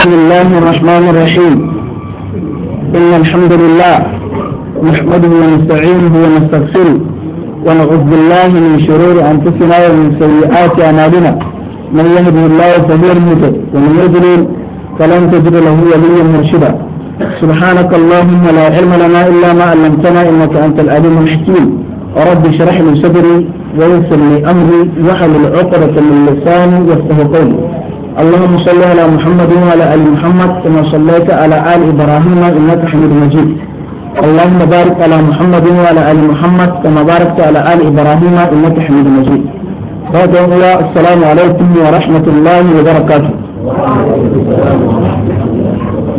بسم الله الرحمن الرحيم إن الحمد لله نحمده ونستعينه ونستغفره ونعوذ بالله من شرور أنفسنا ومن سيئات أعمالنا من يهده الله فهو المهتد ومن يضلل فلن تجد له وليا مرشدا سبحانك اللهم لا علم لنا إلا ما علمتنا إنك أنت العليم الحكيم رب اشرح لي صدري ويسر لي أمري واحلل عقدة من لساني يفقه قولي اللهم صل على محمد وعلى آل محمد كما صليت على آل إبراهيم إنك حميد مجيد اللهم بارك على محمد وعلى آل محمد كما باركت على آل إبراهيم إنك حميد مجيد بعد الله السلام عليكم ورحمة الله وبركاته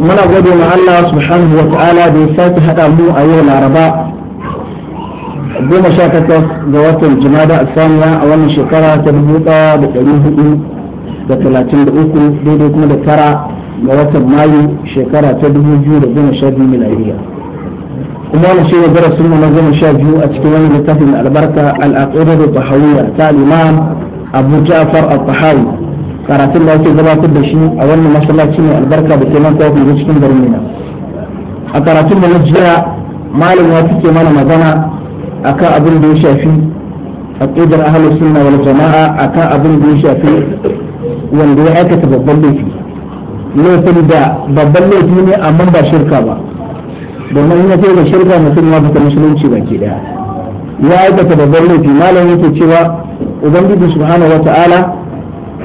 من gode مع الله سبحانه وتعالى بيسات هذا مو sake أيوة العرباء mu جوات yau الثانية goma sha takwas ga da talatin da uku daidai kuma da tara ga watan mayu shekara ta dubu biyu da goma sha biyu kuma wani shi ne darasin mu na goma sha biyu a cikin wani littafin albarka al'aqida da tahawiyya ta imam abu ja'far al-tahawi karatun da ake gabatar da shi a wannan masallaci ne albarka da ke nan kawai cikin garin a karatun da na jiya malam ya fice mana magana akan abin da ya shafi aqidar ahlus sunna wal jama'a akan abin da ya shafi wanda ya aikata babban laifi laifin da babban laifi ne amma ba shirka ba domin ya ce da shirka mutum ya fita musulunci ba ke daya ya aikata babban laifi malam yake cewa ubangiji subhanahu wata'ala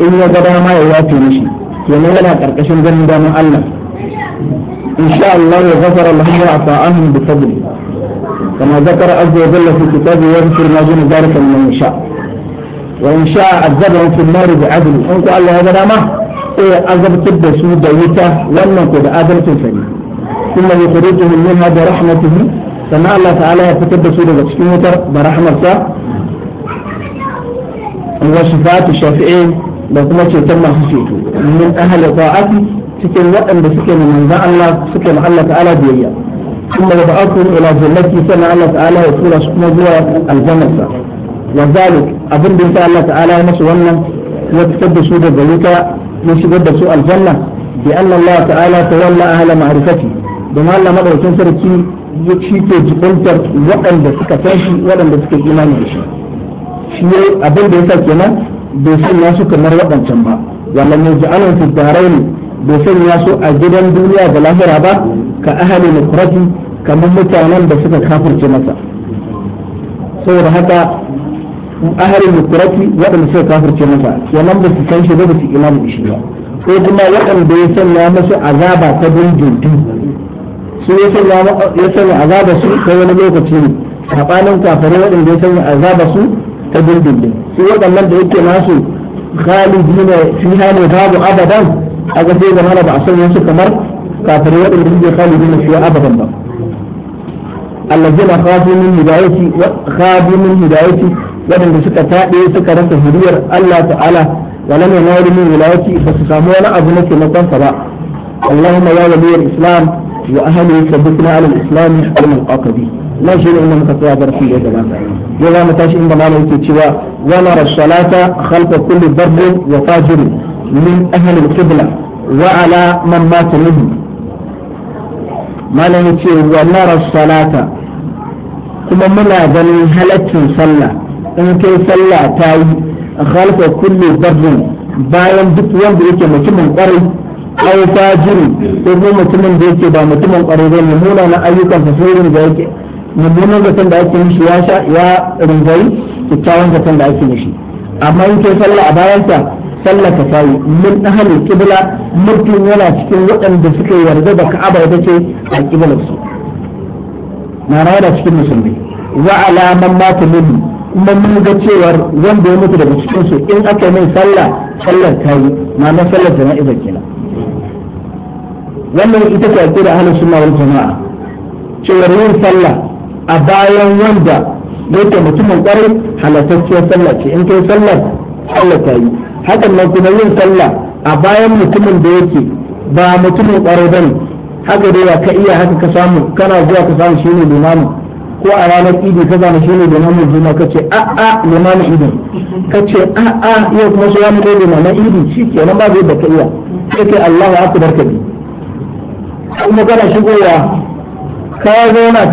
in ya ga dama ya yafe mishi kenan yana karkashin ganin daman Allah insha Allah ya ghafara lahum wa ata'ahum bi fadli kama zakara azza wa jalla fi kitabihi yaghfir ma dun dhalika liman yasha' وإن شاء عذبهم في النار بعدل وإن قال له هذا ما إيه، عذب تبدا سودا يتا ولا كذا عذب تنفني ثم يخرجهم منها برحمته فما الله تعالى يكتب سودا تشكيمتا برحمته وصفات الشافعين لو كنا شيطان من أهل طاعته سكن وقم بسكن من ذا الله سكن الله تعالى بيئة ثم يبعثهم إلى جلتي سمع الله تعالى يقول سبحانه الجنة wa zalik abin da yasa Allah ta'ala ya musu wannan ya fitar da su daga wuta ya shigar da su aljanna bi anna Allah ta'ala tawalla ahla ma'rifati don Allah madaukakin sarki ya ci ke jikuntar waɗanda suka san waɗanda suka imani da shi shi abin da yasa kenan bai sanya su kamar waɗancan ba wala ne ja'alun fi daraini bai sanya su a gidan duniya da lahira ba ka ahli nukrati kamar mutanen da suka kafirce masa saboda haka ku ahalin mukurati waɗanda suka kafirce masa wannan ba su san shi ba su imani shi ba ko kuma waɗanda ya sanya masu azaba ta dindindin su ya sanya azaba su ta wani lokaci ne saɓanin kafare waɗanda ya sanya azaba su ta dindindin su waɗannan da yake nasu khalidi ne fi hali babu abadan a ga sai zama ba a sanya su kamar kafare waɗanda suke khalidi ne fi abadan ba allah الذين خافوا من هدايتي خافوا من هدايتي waɗanda suka taɗe suka rasa huriyar Allah ta'ala wa lam yanalu min wilayati fa su samu wani abu na taimakon sa ba Allahumma ya waliyal islam wa ahli sabbitna ala al-islam al muqaddis la shi ne inda muka tsaya darasi da gabata yau za mu tashi inda malam yake cewa wa nara salata khalfa kulli darbin wa fajirin min ahli al-qibla wa ala man mata minhum malam yace wa nara salata kuma muna ganin halaccin sallah in kai sallah ta yi khalfa kulli barrin bayan duk wanda yake mutumin kwarai aw fajiri ko kuma mutumin da yake ba mutumin kwarai ba ne muna na ayyukan fasirin da yake mummunan zaton da ake mishi ya sha ya rinjayi kyakkyawan zaton da ake mishi amma in kai sallah a bayan ta sallah ta tayi min ahlul qibla mutum yana cikin waɗanda suka yarda da ka'aba ita ce a qiblar su na yana cikin musulmi wa alaman mata minhu kuma mun ga cewar wanda ya mutu daga cikin su in aka min sallah sallar ta yi na sallar jana'iza kenan wannan ita ce aqida ahlus sunna wal jama'a cewar yin sallah a bayan wanda yake mutumin kwarai halattacciyar sallah ce in kai sallar sallar ta yi hakan nan kuma yin sallah a bayan mutumin da yake ba mutumin kwarai bane haka dai ka iya haka ka samu kana zuwa ka samu shine limamin ko a ranar idi ka zama shi ne da namun juma ka ce a'a limamin idin kace ce a'a yau kuma su wani dai limamin idi shi ke nan ba zai baka iya kake kai Allah ya ku barka bi kuma kana shigowa ka zauna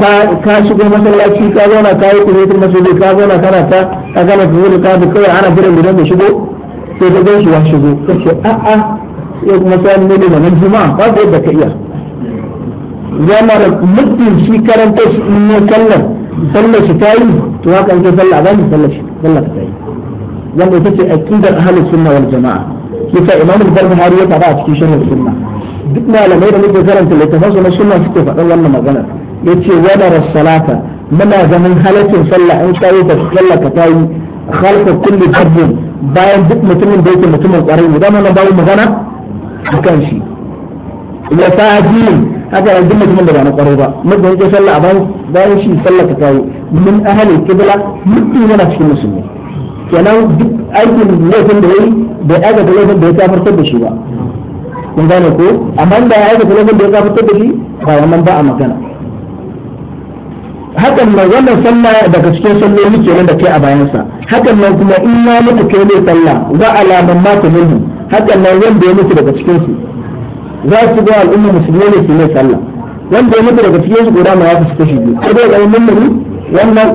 ka shigo masallaci ka zauna ka yi kuretin masallaci ka zauna kana ta ka gana ka zuwa ka kawai ana jiran gidan da shigo sai ka gan shi wa shigo kace ce a'a yau kuma su wani dai limamin juma ba zai baka iya yana muddin shi karanta shi in ne sallar sallar shi ta yi to haka in ka sallar ba ni sallar shi sallar ta yi wanda ita ce aqidar ahlus sunna wal jamaa yasa imamu al-barbahari ya faɗa a cikin sharh sunna duk malamai da muke karanta littafansu na sunna suke faɗan wannan maganar yace wadara salata muna ganin halaccin sallah in ka yi sallah ka ta yi khalqa kulli dabbin bayan duk mutumin da yake mutumin kwarai ne dama nan babu magana akan shi wa fadin haka yanzu mutumin da ba na kwarai ba mutum yake sallah a bayan shi sallah ta kawo min ahli qibla mutum yana cikin musulmi kenan duk aikin laifin da yayi bai aikata laifin da ya kafartar da shi ba kun gane ko amma da ya aikata laifin da ya kafartar da shi ba wannan ba a magana hakan nan wannan sallah daga cikin salloli kenan da kai a bayansa hakan nan kuma in ya mutu kai ne sallah wa alaman ma minhu hakan nan wanda ya mutu daga cikin su za su ga al'umma musulmai ne ke sallah wanda ya mutu daga cikin su guda ma ya fi kashi biyu ko dai ganin mummuni wannan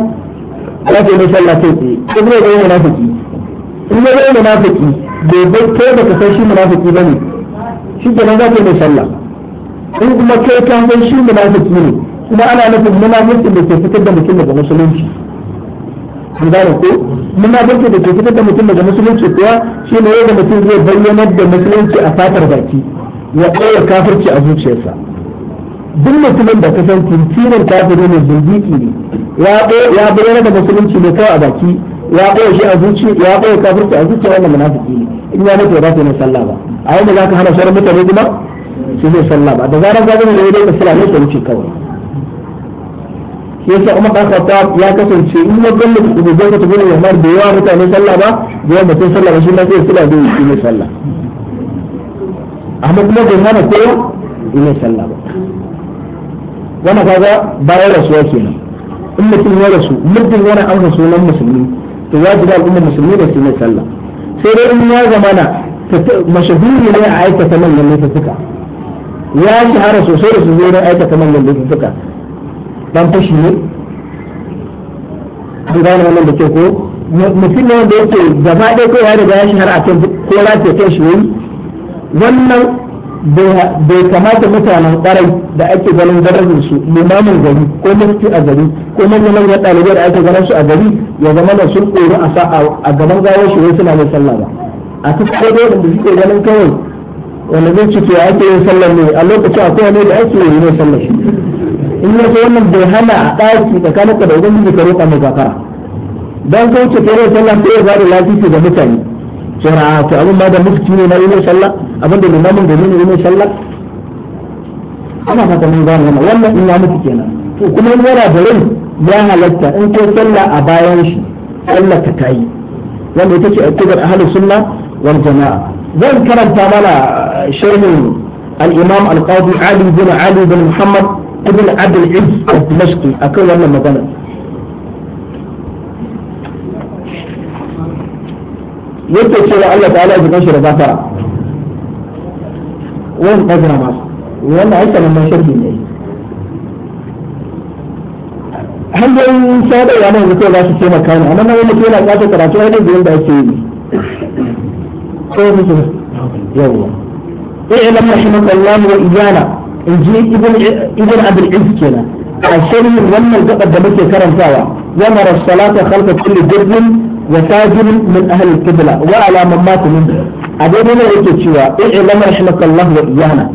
za su mai sallah kai tsaye ko dai ganin munafiki in ya ganin munafiki bai bai kai baka san shi munafiki bane shi da nan za ka mai sallah in kuma kai ka san shi munafiki ne kuma ana nufin munafikin da ke fitar da mutum daga musulunci da ke fitar da mutum daga musulunci kuwa shine yadda mutum zai bayyanar da musulunci a fatar baki ya ɗaya kafirci a zuciyarsa duk mutumin da ka san kafiri ne zindiki ne ya bayyana da musulunci ne kawai a baki ya ɓoye shi a zuci ya ɓoye kafirci a zuciya wannan munafiki ne in ya mutu ba ta yi sallah ba a yau za ka hana sauran mutane kuma su zai sallah ba da zarar zaɓi ne dai sallah ne ta wuce kawai yasa umar dan khattab ya kasance in ya galla da zai ta gani ya mar da yawa mutane sallah ba da yawa mutum sallah ba shi ma sai sallah da yi sallah amma kuma bai hana ko ina sallah ba wannan kaga bayan suwa kenan in mutum ya rasu mutum yana an sunan musulmi to wajibi al'umma musulmi da su ne sallah sai dai in ya zamana mashahuri ne a aikata manyan laifuka ya shahara sosai da su zai na aikata manyan laifuka dan fashi ne an gane wannan da ke ko mutum ne wanda yake gaba ɗaya ko ya riga ya shahara a kan ko lafiya kan shi ne. wannan bai kamata mutanen ƙarai da ake ganin garin su limamin gari ko mafi a gari ko manyan ya ɗalibai da ake ganin su a gari ya zama da sun tsoro a gaban gawar shi wai suna mai sallah ba a ta kai da suke ganin kawai wanda zai ci cewa ake yin sallar ne a lokacin akwai kowane da ake yi ne sallar shi in ya ce wannan bai hana a ɗaki tsakanin ka da ubangiji ka roƙa mai zakara don kauce kare sallah sai ya ba da lafiya ga mutane kira to abin ba da mufti ne na yi sallah abin da limamin gari ne yi sallah ana fata mun gane wannan wannan in ya mutu kenan to kuma in yana da rai ya halatta in ko sallah a bayan shi sallah ta tayi wanda ita ce aqidar ahlus sunna wal jamaa zan karanta mana uh, sharhin al-imam al-qadi ali bin ali bin muhammad ibn abd al-izz al-dimashqi akan wannan magana yake cewa Allah ta'ala ya jikin shi da gafara wani ɗazira masu wanda aka nan man sharhi ne hanyoyin sadarwa na yanzu za su taimaka ne amma na wani ke yana ƙasa karatu wani biyan da ake yi ko musu yawwa اعلم رحمك الله وإيانا إن جي ابن ابن عبد العز كنا الشرح لما الجبل ده مكي كرم سوا ومر الصلاة خلف كل جرد وتاجر من أهل القبلة وعلى من مات منه أبين لنا يكي تشوى اعلم رحمك الله وإيانا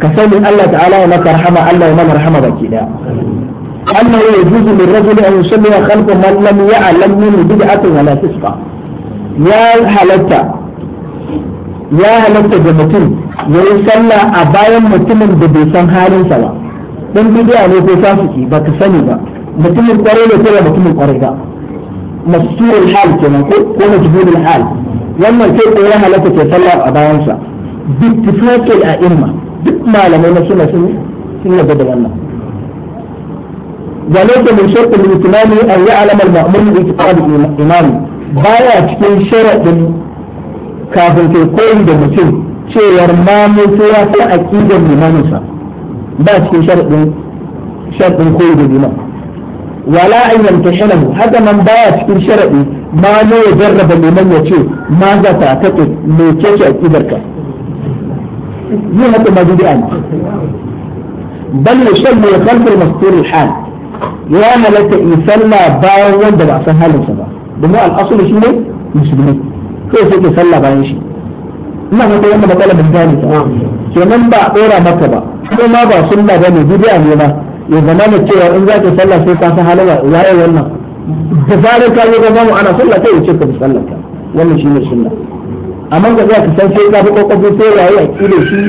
كسني الله تعالى ومك رحمة الله ومن رحمة بكي أنه يجوز للرجل أن يسمي خلق من لم يعلم منه بدعة ولا فسقة يا هلتا يا هلتا جمتين يسلى أبايا متمن ببيسان حال سوا dan bidiya ne ko fasiki ba ka sani ba mutumin kware ne ko mutumin kware ba masturul hal kenan ko ko majhulul hal wannan sai ko ya halatta ke sallah a bayan sa bittifaqil a'imma duk malamai na da من شرط الإتمام أن يعلم المأمون بإعتقاد الإمام بايا cikin sharaɗin kafin kai koyi da mutum cewar mamu sai ya san aqidar limaminsa ba cikin sharaɗin koyi da liman wala an yamtahinahu haka man baya cikin sharadi ma ne ya jarraba liman ya ce ma za ta kake me kake akidarka yin haka ma bid'a ne bal yushalli khalf al-mastur al-hal ya halatta in salla bayan wanda ba san halinsa ba domin al-asl shine musulmi sai sai ke salla bayan shi ina ba dora ba kuma ba sunna bane bid'a ya zama da cewa in za ka sallah sai ka san wannan da zarar ka yi gaba mu ana sallah kai ya ce ka bi sallah ka wannan shine sunna amma ka za ka san sai ka sai a kile shi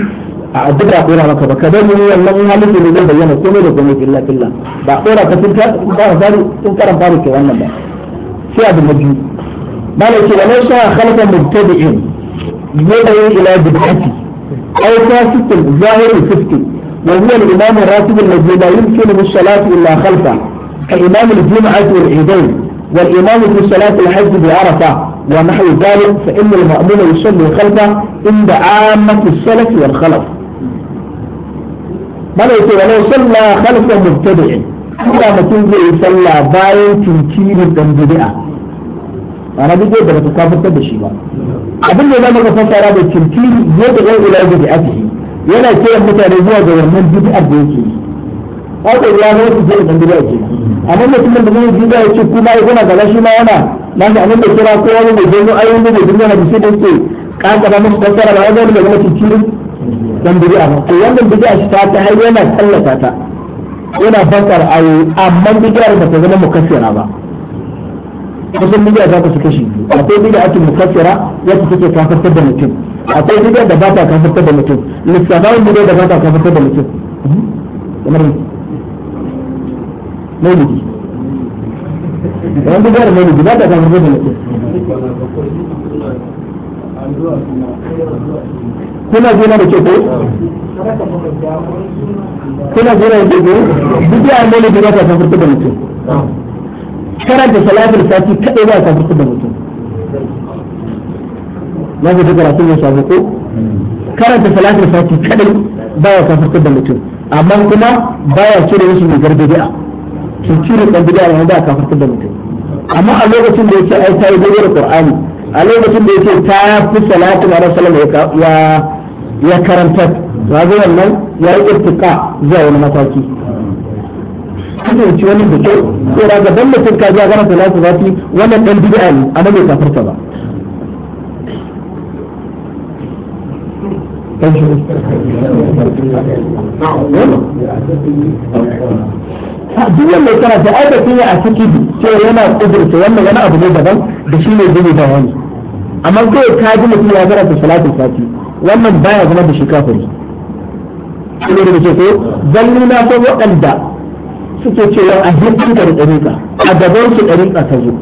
a addu'a ko na maka ba ka bari ni wannan halin da zai bayyana komai da komai illa ba ka tunta ba tun karan ke wannan ba sai abu na biyu malaki wa mubtadi'in ila bid'ati aw zahiri وهو الإمام الراتب الذي لا يمكنه الصلاة إلا خلفه كإمام الجمعة والعيدين والإمام في صلاة الحج بعرفة ونحو ذلك فإن المأمون يصلي خلفه عند عامة السلف والخلف ملك ولو صلى خلف مبتدع إلا ما تنزل يصلى باين تنكير الدنبدئة أنا بدي أقول لك كافر تبشي ما أبن لما فسر هذا التنكير يدعو إلى بدعته yana kiran mutane zuwa ga wannan bid'ar da yake haka ya ne su je da bid'a ke amma mutumin da mai da yake kuma ya gona gaba shi ma yana nan da annabi kira ko wani mai gano ayoyi da dinga na bishi da yake kankara musu tsara ba ga da gwamnati cikin dan bid'a ba to wannan bid'a shi ta ta har yana tallata ta yana fassar ayoyi amma bid'ar ba ta zama mukaffira ba kusan bid'a za ta su kashi akwai bid'a ake mukaffira wacce take kafartar da mutum akwai bid'a da ba ta kafartar da mutum littafin bude da fata ka fitar da mutum kamar maulidi da wanda gara maulidi ba ta ka da mutum kuna gina da kyau kuna gina da kyau duk ya maulidi ba ta ka da mutum karanta salatul fati kadai ba ka fitar da mutum na fita karatun ya shafi ko karanta salatul sati kadai baya kafartar da mutum amma kuma baya cire wasu mai gargajiya to cire dan bid'a ne ba kafartar da mutum amma a lokacin da yake ai tayi da Qur'ani a lokacin da yake ta fi salatu na Rasulullah ya ya karanta to ga wannan ya yi irtika zuwa wani mataki kada ci wani da kyau ko da gaban mutum ka ga karanta salatu sati wannan dan bid'a ne amma bai kafarta ba تنشر duk wanda ya karanta ai da sun yi a ciki cewa yana kudurta wannan wani abu ne daban da shi ne gini da wani amma zai ka ji mutum ya karanta salatin sati wannan baya zama da shi kafiri shi ne da ke ko zalli na san waɗanda suke cewa a hirkin ka da ɗariƙa a gaban su ɗariƙa ta zo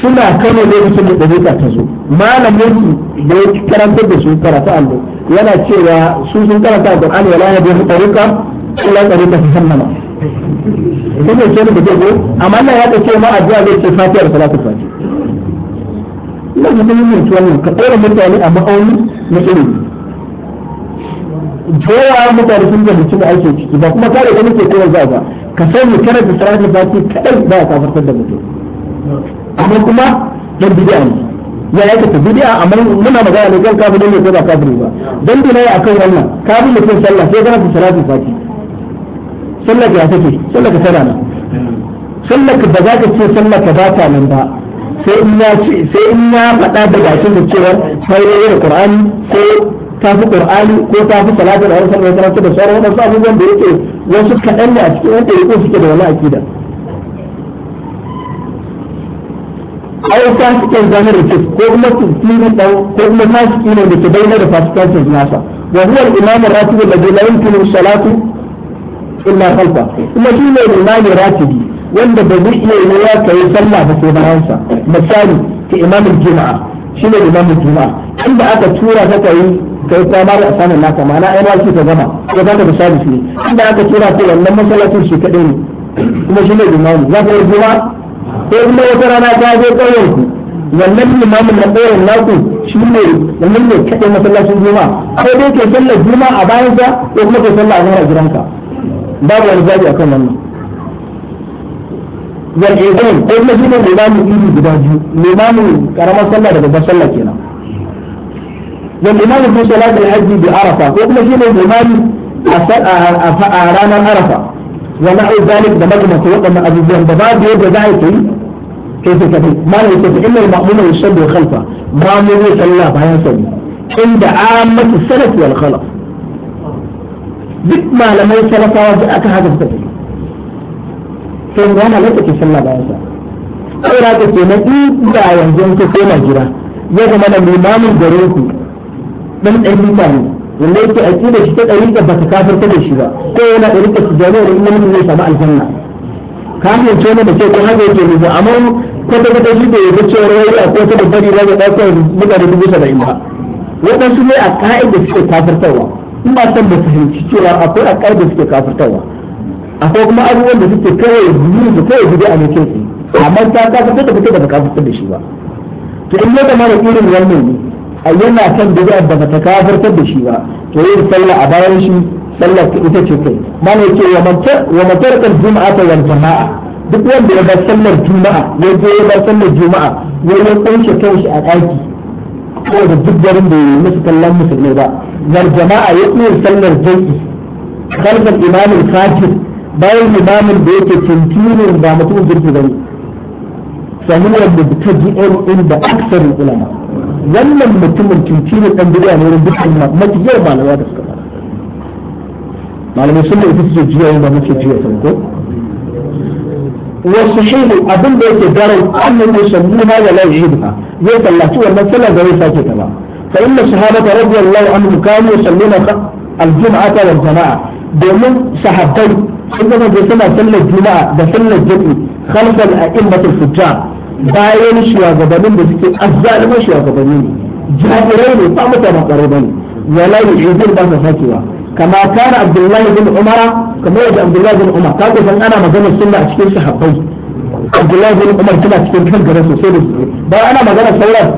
suna kano ne da zuka ta zo malamin su da ya karanta da su karatu allo yana cewa su sun karanta a ƙwar'ani wala ya bihi tariqa illa tariqa su sannama sun ce ne da go amma Allah ya ta ce ma addu'a zai ce fatiha da salatu fati ina ga mun yi tuwani ka ɗora mutane a ma'auni na ilimi jowa mutane sun gani cikin aiki ciki ba kuma kare ka nake kowa za ba ka sani karanta salatu fati kaɗai ba a kafartar da mutum amma kuma dan bid'a ne ya ta bid'a amma muna magana ne kan kafiri ne ko ba kafiri ba dan dole ya akan wannan kafin mutum sallah sai kana ta salatu fati sallah ya take sallah ka tana sallah ka ba za ka ce sallah ka ba ta nan ba sai in ya ce sai in ya faɗa da gashin da cewa sai da Qur'ani ko ta fi Qur'ani ko ta fi salatu da wasu sallah da sauran wasu abubuwan da yake wasu kadan ne a cikin wanda yake suke da wani akida ai fasikin zama rikic ko kuma tsiri dan ko kuma fasiki ne da ke bayyana da fasikancin nasa wa huwa al-imam ratib alladhi la yumkinu salatu illa kuma shi ne wanda ba zai iya yi ya kai sallah ba sai bayan misali ki shi ne inda aka tura kai kai da assignment naka ma'ana ai ta gama ko ba da ne inda aka tura ta wannan masallacin shi kadai ne kuma shi ne za ka yi juma'a ko kuma wata rana ta zo ƙauyen ku wannan limamin na ƙauyen naku shi ne wannan ne kaɗai masallacin juma'a ko dai ke sallar juma a bayan sa ko kuma ke sallar azhar a gidanka babu wani zabi akan wannan zargin ko kuma shi ne limamin iri guda biyu limamin karamar sallah da babbar sallah kenan والإمام arafa ko kuma shi ne limamin a ranar arafa. ذلك وما إلى ذلك لما كنا نقول أن أبو بكر بما بيد ذلك كيف كذي ما نقول إن المأمون يصلي خلفه ما نقول صلى الله عليه وسلم عند عامة السلف والخلف بما لم يسلف وجاءك هذا الذكر كان وانا لا تكي صلى الله عليه وسلم أي رأيك في مدين لا ينزل في كل جرا يجب أن الإمام الجريكي من علم تاريخ wanda yake aƙida shi ta ɗarika kafin ta da shi ba ko yana da su jami'a da inda mutum zai samu aljanna ka fahimce ne da ke ko haka yake nufi amma kwata kwata shi da yadda cewa rawai a kwata da bari za ka ɗauka mutane dubu saba'in ba waɗansu ne a ka'ida suke kafirtarwa in ba san ba fahimci cewa akwai a ka'ida suke kafirtarwa akwai kuma abubuwan da suke kawai yi da kawai gudu a mutum amma ta ta da fita da ba ta da shi ba to in ya zama da irin wannan ne yana kan bid'ar da bata kafartar da shi ba to yin sallah a bayan shi sallar ita ce kai mana yake wa matarkar juma'a ta jama'a duk wanda ya bar sallar juma'a ya je ya bar sallar juma'a ya yi kunshe kanshi a ɗaki ko da duk garin da yi musu kallon musulmai ba yar jama'a ya iya sallar jami'i kalmar imamin kafir bayan imamin da yake tuntunin ba mutum jirgi bane فهو مبتدئ inda أكثر العلماء wannan mutumin cincinin ɗan bidiya ne wurin dukkan mafi yau malama da suka fara malamai sun da ita suke jiya yadda muke jiya ta ko wasu shehu abin da yake daren annan ne shan nuna da lai duka ya tallaci wannan sallar da zai sake ta ba fa inna sahabata radiyallahu anhum kanu yusalluna al-jum'ata wal jama'a domin sahabbai sun zama da suna sallar juma'a da sallar jami'i khalfal a'immatul fujjar bayan shugabannin da suke azzaliman shugabanni ne jahirai ne ba mutanen ƙwarai ba ne wala yu'idun ba sa sakewa kama kana abdullahi bin umara kamar yadda abdullahi bin umar kaga san ana maganar sunna a cikin sahabbai abdullahi bin umar tana cikin kan gare sosai da sosai ba ana maganar sauran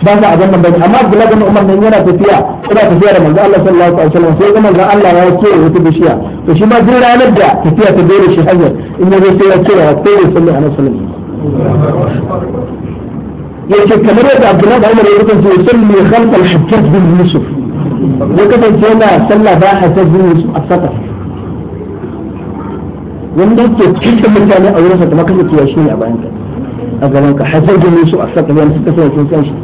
ba sa abin nan bane amma abdullahi bin umar nan yana tafiya yana tafiya da manzo Allah sallallahu alaihi wasallam sai ga manzo Allah ya ce wata bishiya to shi ma duk ranar da tafiya ta dole shi hanyar in ya zo sai ya ce wa kowa sallallahu alaihi wasallam yake kamar yadda abdullahi umar ya kasance ya sallu ya khalqa al-hajjaj bin yusuf ya kasance yana sallah ba hajjaj bin yusuf a saka wanda yake kinta mutane a wurin sa kuma kasance ya shi ne a bayan ka a gaban ka hajjaj bin yusuf a saka yana suka sai sun san shi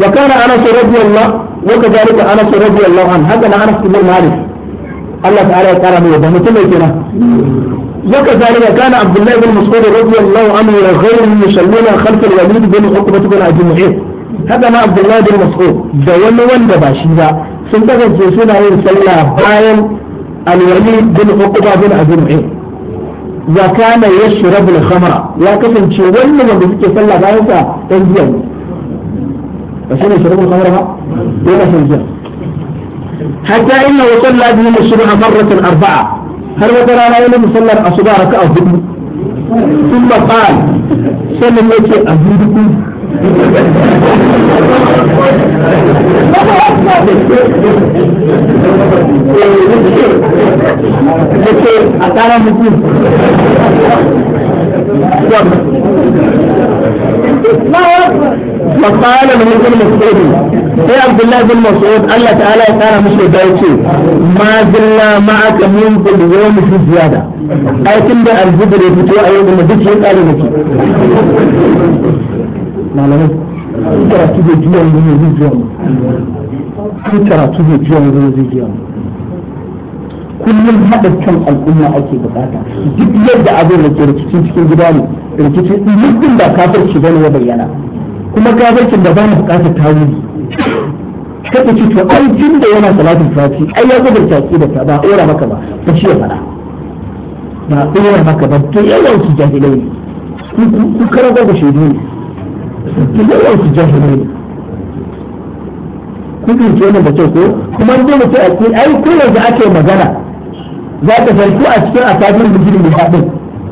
wa kana anas radiyallahu wa kadhalika anas radiyallahu an haka na anas bin malik Allah ta'ala ya kara mu da mutum mai kenan وكذلك كان عبد الله بن مسعود رضي الله عنه وغيره يصلون خلف الوليد بن عقبة بن عبد المعيط هذا ما عبد الله بن مسعود ده wani wanda ba shi ba sun kasance suna yin باين الوليد بن عقبة بن عبد المعيط وكان يشرب الخمر يا كفن شو ولا من بيجي صلى باين سا تنزل بس يشرب الخمر ما ولا سنزل حتى إنه صلى به الصبح مرة أربعة har wata rana ya nufi sallar asuba raka a hudu sun ba ƙara sannan ya ce a hudu ya ce a ƙara mutum na فقال من ابن مسعود sai عبد bin بن Allah ta'ala ya kara مش da ما ma معك ma'aka min bil yawm fi ai tun da aljibir ya fito a yau da karatu zai kullum haɗa kan al'umma ake bukata duk yadda abin da ke rikicin cikin gida ne rikicin ɗin ba kafirci bane ya bayyana kuma kafircin da ba mu bukatar tawili kada ce to ai tun da yana salatin fati ai ya gudurta ki da ba ora maka ba ba shi ya faɗa ba ora maka ba to yau su jahilai ne ku karago da shaidu ne to yawan su jahilai ne kun ke nan da kyau ko kuma dai mutum a ce ai ko da ake magana za ka farko a cikin asabin mutum ne haɗin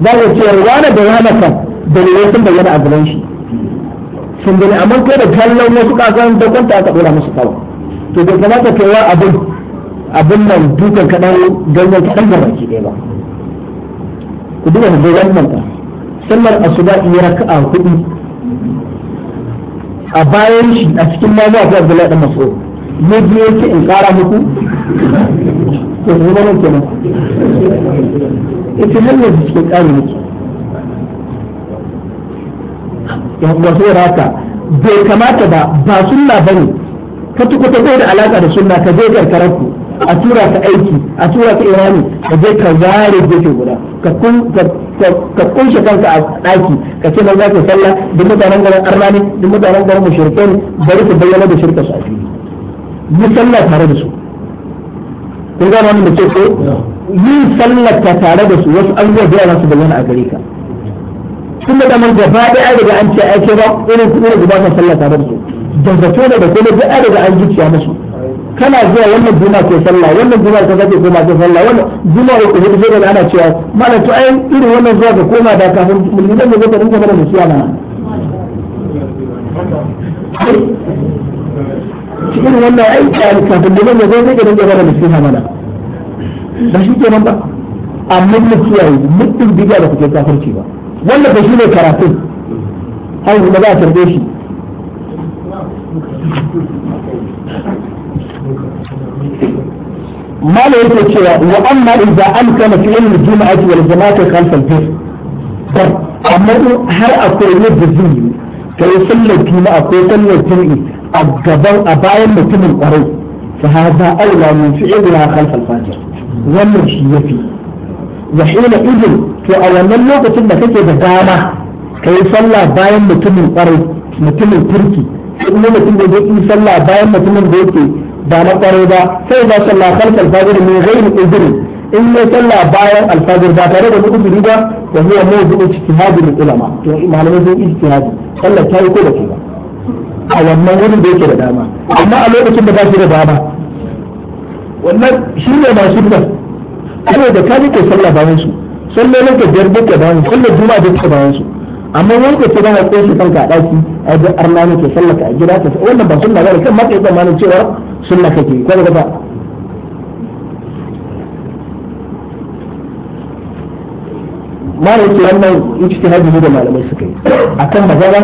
za ka ce wani da wani kan da ne sun bayyana a gaban shi sun gani amma kai da kallon wasu kasan da kwanta aka dora musu kawai to bai kamata kai wa abin abin nan dukan kadan ganyen kadan da baki ɗaya ba ku duba da gogon nan ka sallar asuba iya raka'a hudu a bayan shi a cikin mamu a da Abdullahi da Mas'ud ne biyo yake in kara muku to zama nan kenan ita hanyar da suke kare ne. yan uwa bai kamata ba ba sunna bane ka tukuta bai da alaka da sunna ka je karkararku a tura ka aiki a tura ka irani ka je ka ware gefe guda ka kunshe kanka a daki ka ce nan za ka salla da mutanen garin arnani da mutanen garin mushrikai bari ka bayyana da shirka su a fili yi sallah tare da su kun gano mu da ce ko yi salla tare da su wasu abubuwa biya za su bayyana a gare ka tun da man gaba ɗaya daga an ce ake ba irin su irin ba ka sallah tare da su da zato da kuma duk daga an gicciya musu kana zuwa wannan juma ke sallah wannan juma ka sake koma ke sallah wannan juma ko hudu sai da ana cewa mana to ai irin wannan zuwa ka koma da kafin mulmin da zai rinka mana musiya mana cikin wannan ai kafin da rinka mana musiya mana shi ba amma kiyaye bidiya da kuke kafirci ba wanda ba shi ne karatun har kuma za a tarbe shi mala yake cewa wa amma idza amkana fi ilmi juma'ati wal jama'ati kan al ba amma har akwai yadda ka yi kai sallar juma'a ko sallar ne a gaban a bayan mutumin kwarai fa hadha aula min fi'liha khalf al fajr wannan shi yafi wa hina idin to a wannan lokacin da kake da dama kai sallah bayan mutumin kwarai mutumin kirki kuma sallah bayan mutumin da yake ba na kwarai ba sai ba sallah khalqal fajr min ghairi in ya sallah bayan alfajir ba tare da mutum ba wa huwa mawdu'u ijtihadil ulama to malamai sun ijtihadi sallah ta yi ko ke ba a wannan wurin da da dama amma a lokacin da ba da dama wannan shi ne da ka rike sallah bayan su ne ka biyar duka bayan su sallar juma'a duka bayan su amma wani ke zama ko shi kanka a daki a ga arna ne ke sallaka a gida ta wannan ba sunna bane kan matsayi zamanin cewa sunna kake ko ba mara yake wannan ijtihadi ne da malamai suka yi akan magana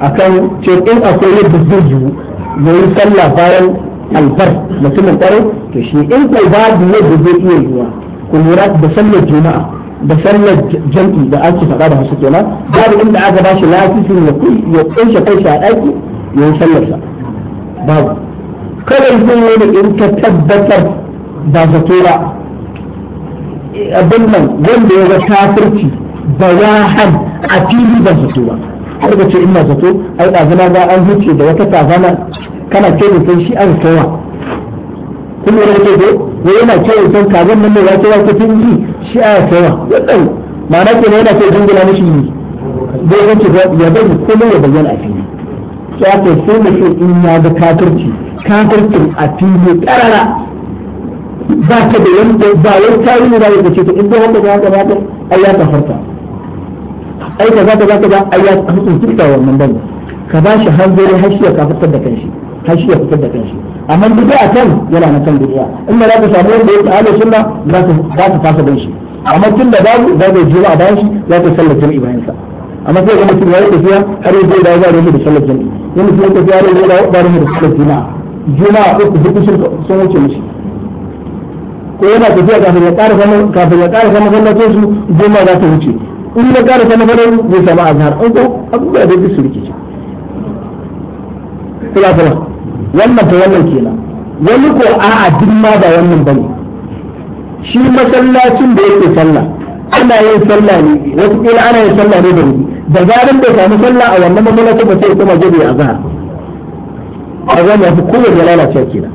akan ce in akwai yadda zai yi yayin sallah bayan albar mutumin kwarai to shi in kai babu yadda zai iya yiwa ku lura da sallar juma'a da sallar jam'i da ake faɗa da wasu kenan babu inda aka ba shi lafisin ya kunshe kai shi a ɗaki ya yi sa babu kawai sun yi da in ka tabbatar ba zato ba abin nan wanda ya ga kafirci bayahan a fili ba zato ba har ka ce ina zato ai ɗazuna ba an huce da wata kazana kana ce da sai shi an kowa kuma yana ce ko wai yana ce da san kazan nan ne ya ce ya ce yi shi an kowa wannan ma'ana ke yana ce jingina mishi ne zai wuce ya bari komai ya bayyana a fili ya ce sai mutum in ya ga kafirci kafircin a fili ƙarara ba ta da wanda ba wani tarihi ba ya ce to in ba wanda ba ka ba ai ya kafarta ai kaza kaza ga ai ya an tsinta wannan bane ka ba shi hanzari har shi ya kafatar da kanshi har shi ya fitar da kanshi amma bid'a kan yana na kan bid'a inda za ka samu wanda yake ahlus sunna za ka za fasa bin shi amma tun da babu za ka jira a bayan shi za ka sallar jami'i bayan sa amma sai ga mutum ya yi tafiya har yanzu ya dawo ba da sallar jami'i ya mutum ya tafiya har yanzu ya dawo ba da sallar juma'a juma'a ko ku duk sun wuce mishi ko yana tafiya kafin ya ƙara kafin ya ƙara kama sallacin su juma'a za ta wuce in ya gane sana farin zai samu azhar an ko abubuwa da duk su rikici kula kula wannan ta wannan kenan wani ko a'a duk ma ba wannan bane shi masallacin da yake sallah ana yin sallah ne wasu kila ana yin sallah ne da wuri da zaran bai samu sallah a wannan masallacin ba sai kuma gobe A azhar ya fi kowa lalace lalacewa kenan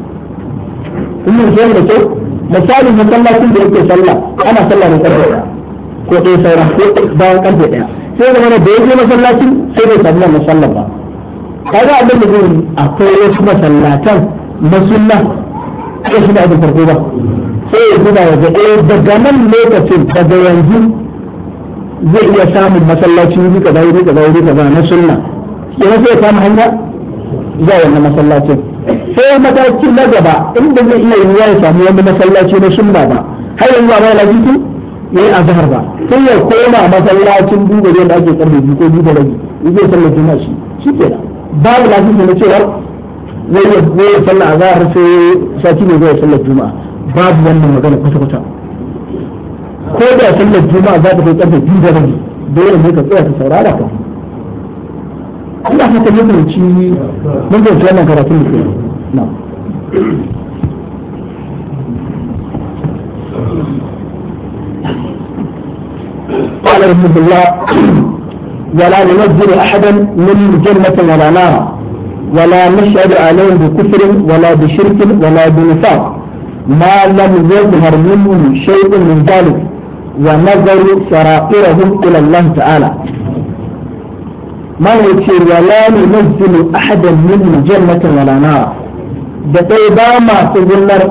kuma shi da kyau misalin masallacin da yake sallah ana sallah ne karfe ko dai saura ko bayan karfe ɗaya sai zama da bai yi masallacin sai bai samu masallar ba kaga abin da zai akwai wasu masallatan masulla ko shi da ake farko ba sai ya zuba ya ga eh, daga nan lokacin daga yanzu zai iya samun masallaci ka zai wuri kaza wuri kaza na sunna kenan sai ya kama hanya zuwa wannan masallacin sai mataki na gaba inda zai iya yi ya samu wani masallaci na sunna ba har yanzu ba ya lafiya yayi azhar ba sai ya koma masallacin duba da ake karbe biyu ko biyu da rabi zai sallar juma'a shi shi da babu lafiya na cewa wai ya sallar azhar sai sati ne zai sallar juma'a babu wannan magana kwata kwata ko da sallar juma'a za ta kai karfe biyu da rabi dole ne ka tsaya ka saurara ka Allah haka tabbata mun ci mun ga wannan karatun ne na قال رحمه الله ولا ننزل أحدا من جنة ولا نار ولا نشهد عليهم بكفر ولا بشرك ولا بنفاق ما لم يظهر منهم شيء من ذلك ونظروا سرائرهم إلى الله تعالى ما يقول ولا ننزل أحدا منهم جنة ولا نار da ɗaya ba ma tsogunar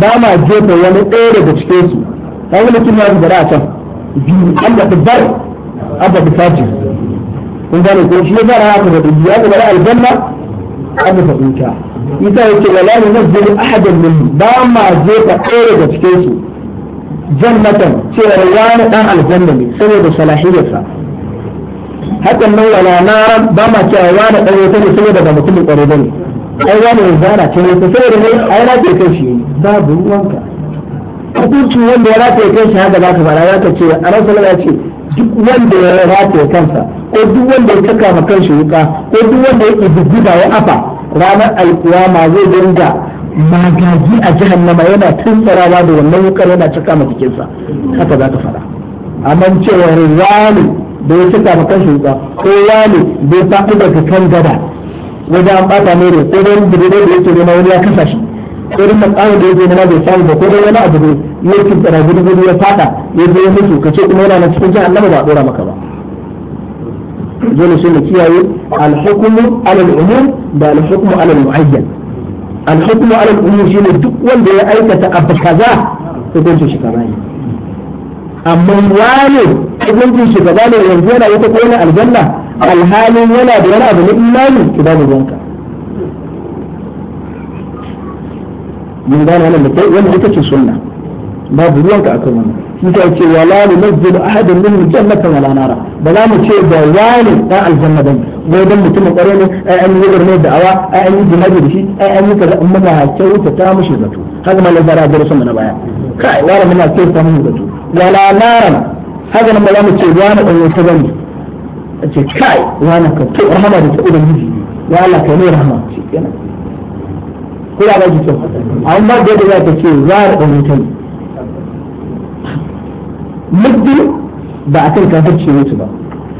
ba ma jefa wani ɗaya daga cikinsu ta wani kima da a can biyu Allah babbar Allah da fajir kun gane ko shi ya fara haka da biyu ya fara aljanna Allah da wuta ita yake wala ne nazzalu ahadan min ba ma je ka tsere da cikin su jannatan cewa wani dan aljanna ne saboda salahiyarsa hakan nan wala naran ba ma cewa wani dan wuta ne saboda ba mutumin kware bane ai wani zara ce ne saboda ne ai na ke kai shi babu ruwanka hukunci wanda ya rataye kansa haka za ka fara za ka ce a rasa ya ce duk wanda ya rataye kansa ko duk wanda ya taka ma shi wuka ko duk wanda ya ibugida ya afa ranar alkiyama zai dinga magaji a nama yana tsarawa da wannan wukar yana cika ma jikinsa haka za ka fara amma cewa wani da ya cika ma shi wuka ko wani da ya faɗi daga kan gada wajen an ɓata mere ko wani da yake nema wani ya kasa shi ko rinka tsawo da yake na bai samu ba ko dai wani abu ne ya ci tsara gudu ya fada ya zo ya mutu kace kuma yana na cikin jahannama ba dora maka ba dole shi ne kiyaye al-hukmu ala al-umum da al-hukmu ala al-muayyan al-hukmu ala al-umum shine duk wanda ya aikata abu kaza hukuncin shi kaza ne amma wane hukuncin shi kaza ne yanzu yana wata ko yana aljanna alhalin yana da wani abu na imani mu ruwanka mun gane wannan da kai wannan ita ce sunna babu ruwanka akan wannan muka ce wala ne nazzil ahadin min jannatan wala nara ba za mu ce da wani dan aljanna bane wai dan mutumin kware ne ai an yi gurme da awa ai an yi jinabi da shi ai an yi kaza amma ba kyauta ta mushi zato haka ma lazara da rasul na baya kai wala muna ce ta mushi zato wala nara haka nan ba za mu ce wani dan wata bane a ce kai wani ka to rahama da ta ubangiji ya Allah kai ne rahama shi kenan ko da baki kyau amma da yadda za ta ce za a ɗan mutum muddin ba a kan kafirci mutu ba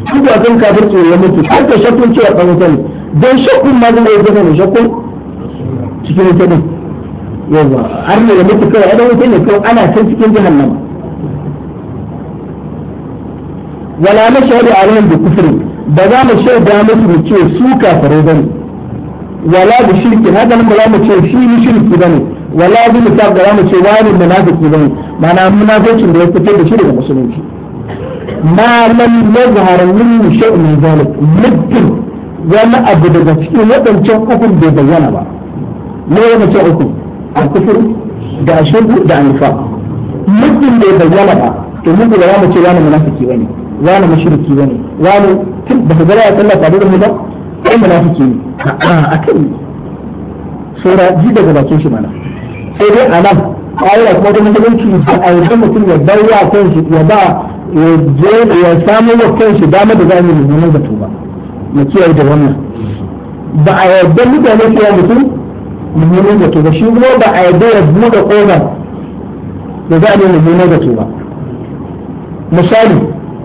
shi ba kan kafirci ya mutu har da shakkun cewa ɗan mutum don shakkun ma zai zama da shakkun cikin wuta ɗin yawa har ne da mutu kawai ɗan mutum ne kawai ana can cikin nan. wala na a ranar da kufri ba za mu shaida musu mu ce su ba ne. wala bi shirki haka nan ba za mu ce shi shirki bane wala bi nifaq ba za mu ce wani munafiki bane ma'ana munafikin da ya fitar da shi daga musulunci ma lam yazhar min shay'in min zalik muddin wani abu daga cikin wadancan ukun bai bayyana ba ne wadancan ukun al-kufr da ashirku da an-nifaq muddin bai bayyana ba to mun ba wani munafiki ba da mu ai munafiki ne a kai saura ji daga bakin shi mana sai dai a nan ayyuka kuma da mutunci da a yanzu mutum ya bar wa shi, ya ba ya je ya samu wa kanshi dama da zamu mummunan zato ba mu kiyaye da wannan ba a yarda mutane kiyaye mutum mummunan zato ba shi kuma ba a yarda ya buɗe ƙofar da za a yi mummunan zato ba misali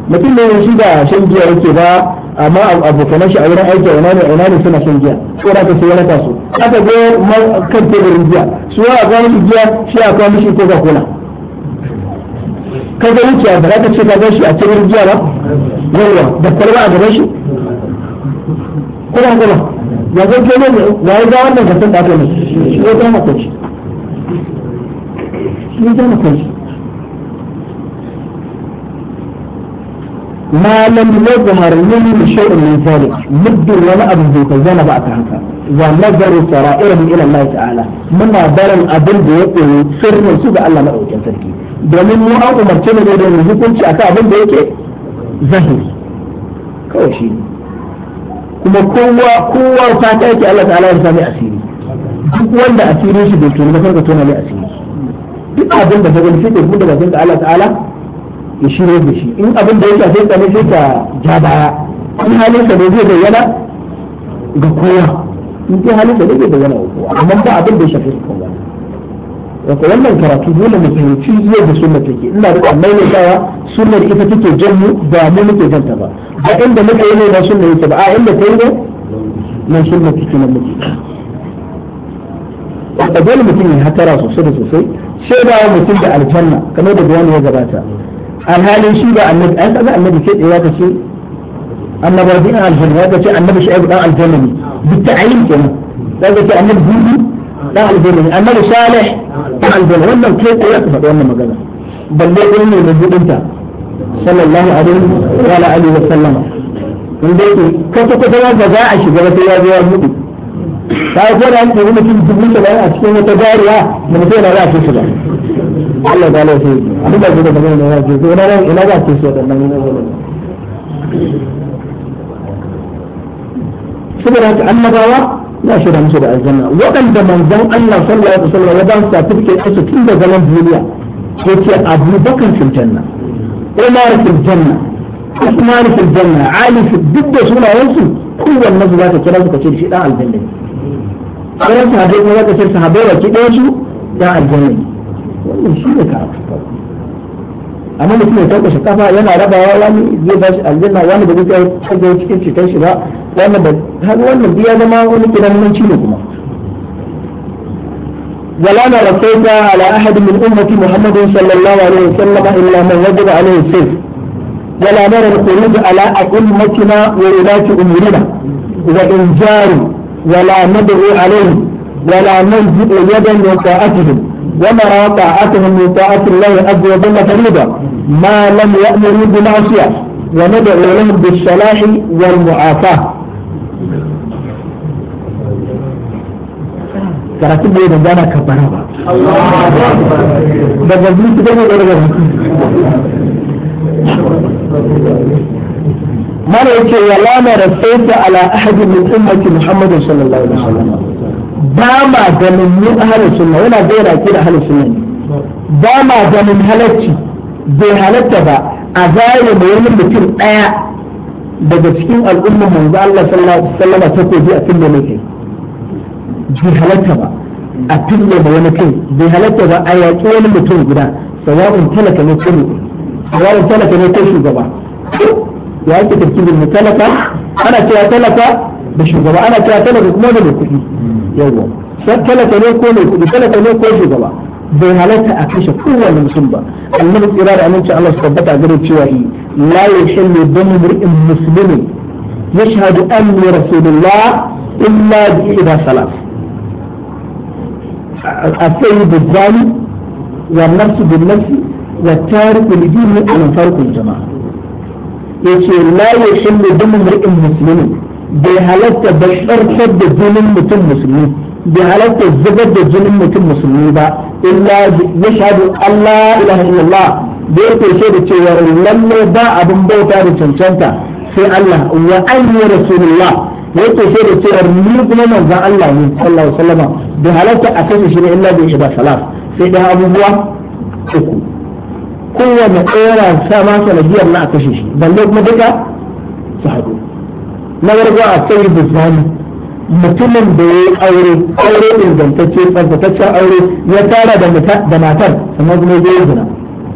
mutum ne shi da shan giya yake ba amma abokanan shi a wurin aiki ina ne ina ne suna son giya ko da ka sai yana kasu aka ga kan teburin giya su ya ga mishi giya shi ya kawo mishi ko cola kaga yake a za ka ce ka gan shi a teburin giya ba yawa da kwalba a gaban shi ko da kuma ya ga gele ne ya ga wannan gasar da aka yi ne shi ya ga makonci shi ya ga makonci ما لم يظهر منه شيء من ذلك مد ولا أبو ذوك زنب أكاكا ونظر سرائرهم إلى الله تعالى من أبرا أبن ذوك سر سوء الله مأوكا تركي domin mu an umarce mu da mu hukunci akan abin da yake zahiri kawai shi kuma kowa kowa Allah ta'ala asiri duk wanda asirin shi bai tuni ba sai ka tona asiri duk abin da ka gani sai ka da Allah ta'ala ya shirye da shi in abin da ya shafe ka ne sai ka ja baya in halin ka ne zai bayyana ga kowa in dai halin ka ne zai bayyana ga kowa amma ba abin da ya shafi su kowa wato wannan karatu dole mu fahimci yau da sunna take ina da maimaitawa sunnar ita take jan mu ba mu muke janta ba ba inda muke yi ne ba sunna yake ba a inda kai ne nan sunna take nan muke wanda dole mutum ya hatara sosai da sosai shaidawa mutum da aljanna kamar da bayani ya gabata alhalin shi ba annabi an kaga annabi ke tsaya ta ce annabi rabbi an aljanna ka ce annabi shi ai dan aljanna ne duk ayin ke kenan daga ce annabi hudu dan aljanna ne annabi salih dan aljanna wannan ke tsaya ta faɗa wannan magana balle ɗin ne da gudunta sallallahu alaihi wa alihi wa sallama in dai ke kasa kasa ga za a shiga ba sai ya zo ya buɗe ta ko da an ɗari mutum dubu saba'in a cikin wata jariya da mutum yana za a shiga Allah ya Allah ta lafiya duk da da magana ya ji ina ran ina za ki so da nan ne saboda haka annabawa na shirya musu da aljanna waɗanda manzon Allah sallallahu alaihi wasallam ya ba su certificate su tun da zaman duniya yace Abu Bakar fil janna Umar fil janna Usman fil janna Ali fil duk da sunayensu kowanne su za ka kira su ka ce shi dan aljanna sauran sahabbai kuma za ka ce sahabbai baki ɗaya su dan aljanna wannan shi ne karatu amma mutum ya tauka shi kafa yana rabawa wani zai ba shi aljanna wani ba zai kai cikin cutar shi ba wannan ba har wannan biya zama wani kiran manci ne kuma wala na ولا رسيت على أحد من أمة محمد صلى الله عليه وسلم إلا من وجب عليه السيف ولا نرى الخروج على أئمتنا وولاة أمورنا وإن جاروا wala ندعو alaihi wala نلجئ yadan wa طاعتهم وما طاعتهم من طاعة الله عز وجل فريضة ما لم يأمروا بمعصية وندعو لهم بالصلاح والمعافاة karatun da ya dangana ka bana ba da gabi su gane da daga mana yake ya lana rasaita ala ahadin min ummati muhammadin sallallahu alaihi wasallam ba ma ganin mu ahalin sunna yana gaira ki da ahalin sunna ba ma ganin halacci bai halarta ba a zare da wani mutum ɗaya daga cikin al'ummar manzo Allah sallallahu alaihi wasallam ta koji a tunda ne kai bai halarta ba a tunda da wani kai bai halarta ba a yaƙi wani mutum guda sawa'un talaka ne ko sawa'un talaka ne kai shugaba ya ake tarkibin mutalaka ana cewa talaka da shugaba ana cewa talaka kuma da kuɗi yawa sai talaka ne ko mai kudi talaka ne ko shugaba bai halatta a kashe kowane mutum ba annabi tsira da aminci Allah su tabbata gare cewa yi la yashillu damu mur'in muslimin yashhadu anni rasulullah illa bi ida salaf السيد الظالم والنفس بالنفس والتارك لدينه على فرق الجماعة يقول لا يحل دم امرئ مسلم bai halatta ba tsarkar da jinin mutum musulmi bai halatta zubar da jinin mutum musulmi ba illa ya shahadu Allah ilaha illallah da ya kai da cewa lalle ba abin bauta da cancanta sai Allah wa anni rasulullah ya kai da cewa ni kuma manzon Allah ne sallallahu alaihi wasallam bai halatta a kashe shi ne illa bi ibada salat sai dan abubuwa uku kowane ɗaya na sa ma sanadiyar na a kashe shi balle kuma duka su haɗu na farko a kai bisani mutumin da ya yi aure aure ingantacce tsaftataccen aure ya tara da matar sannan kuma zai yi zina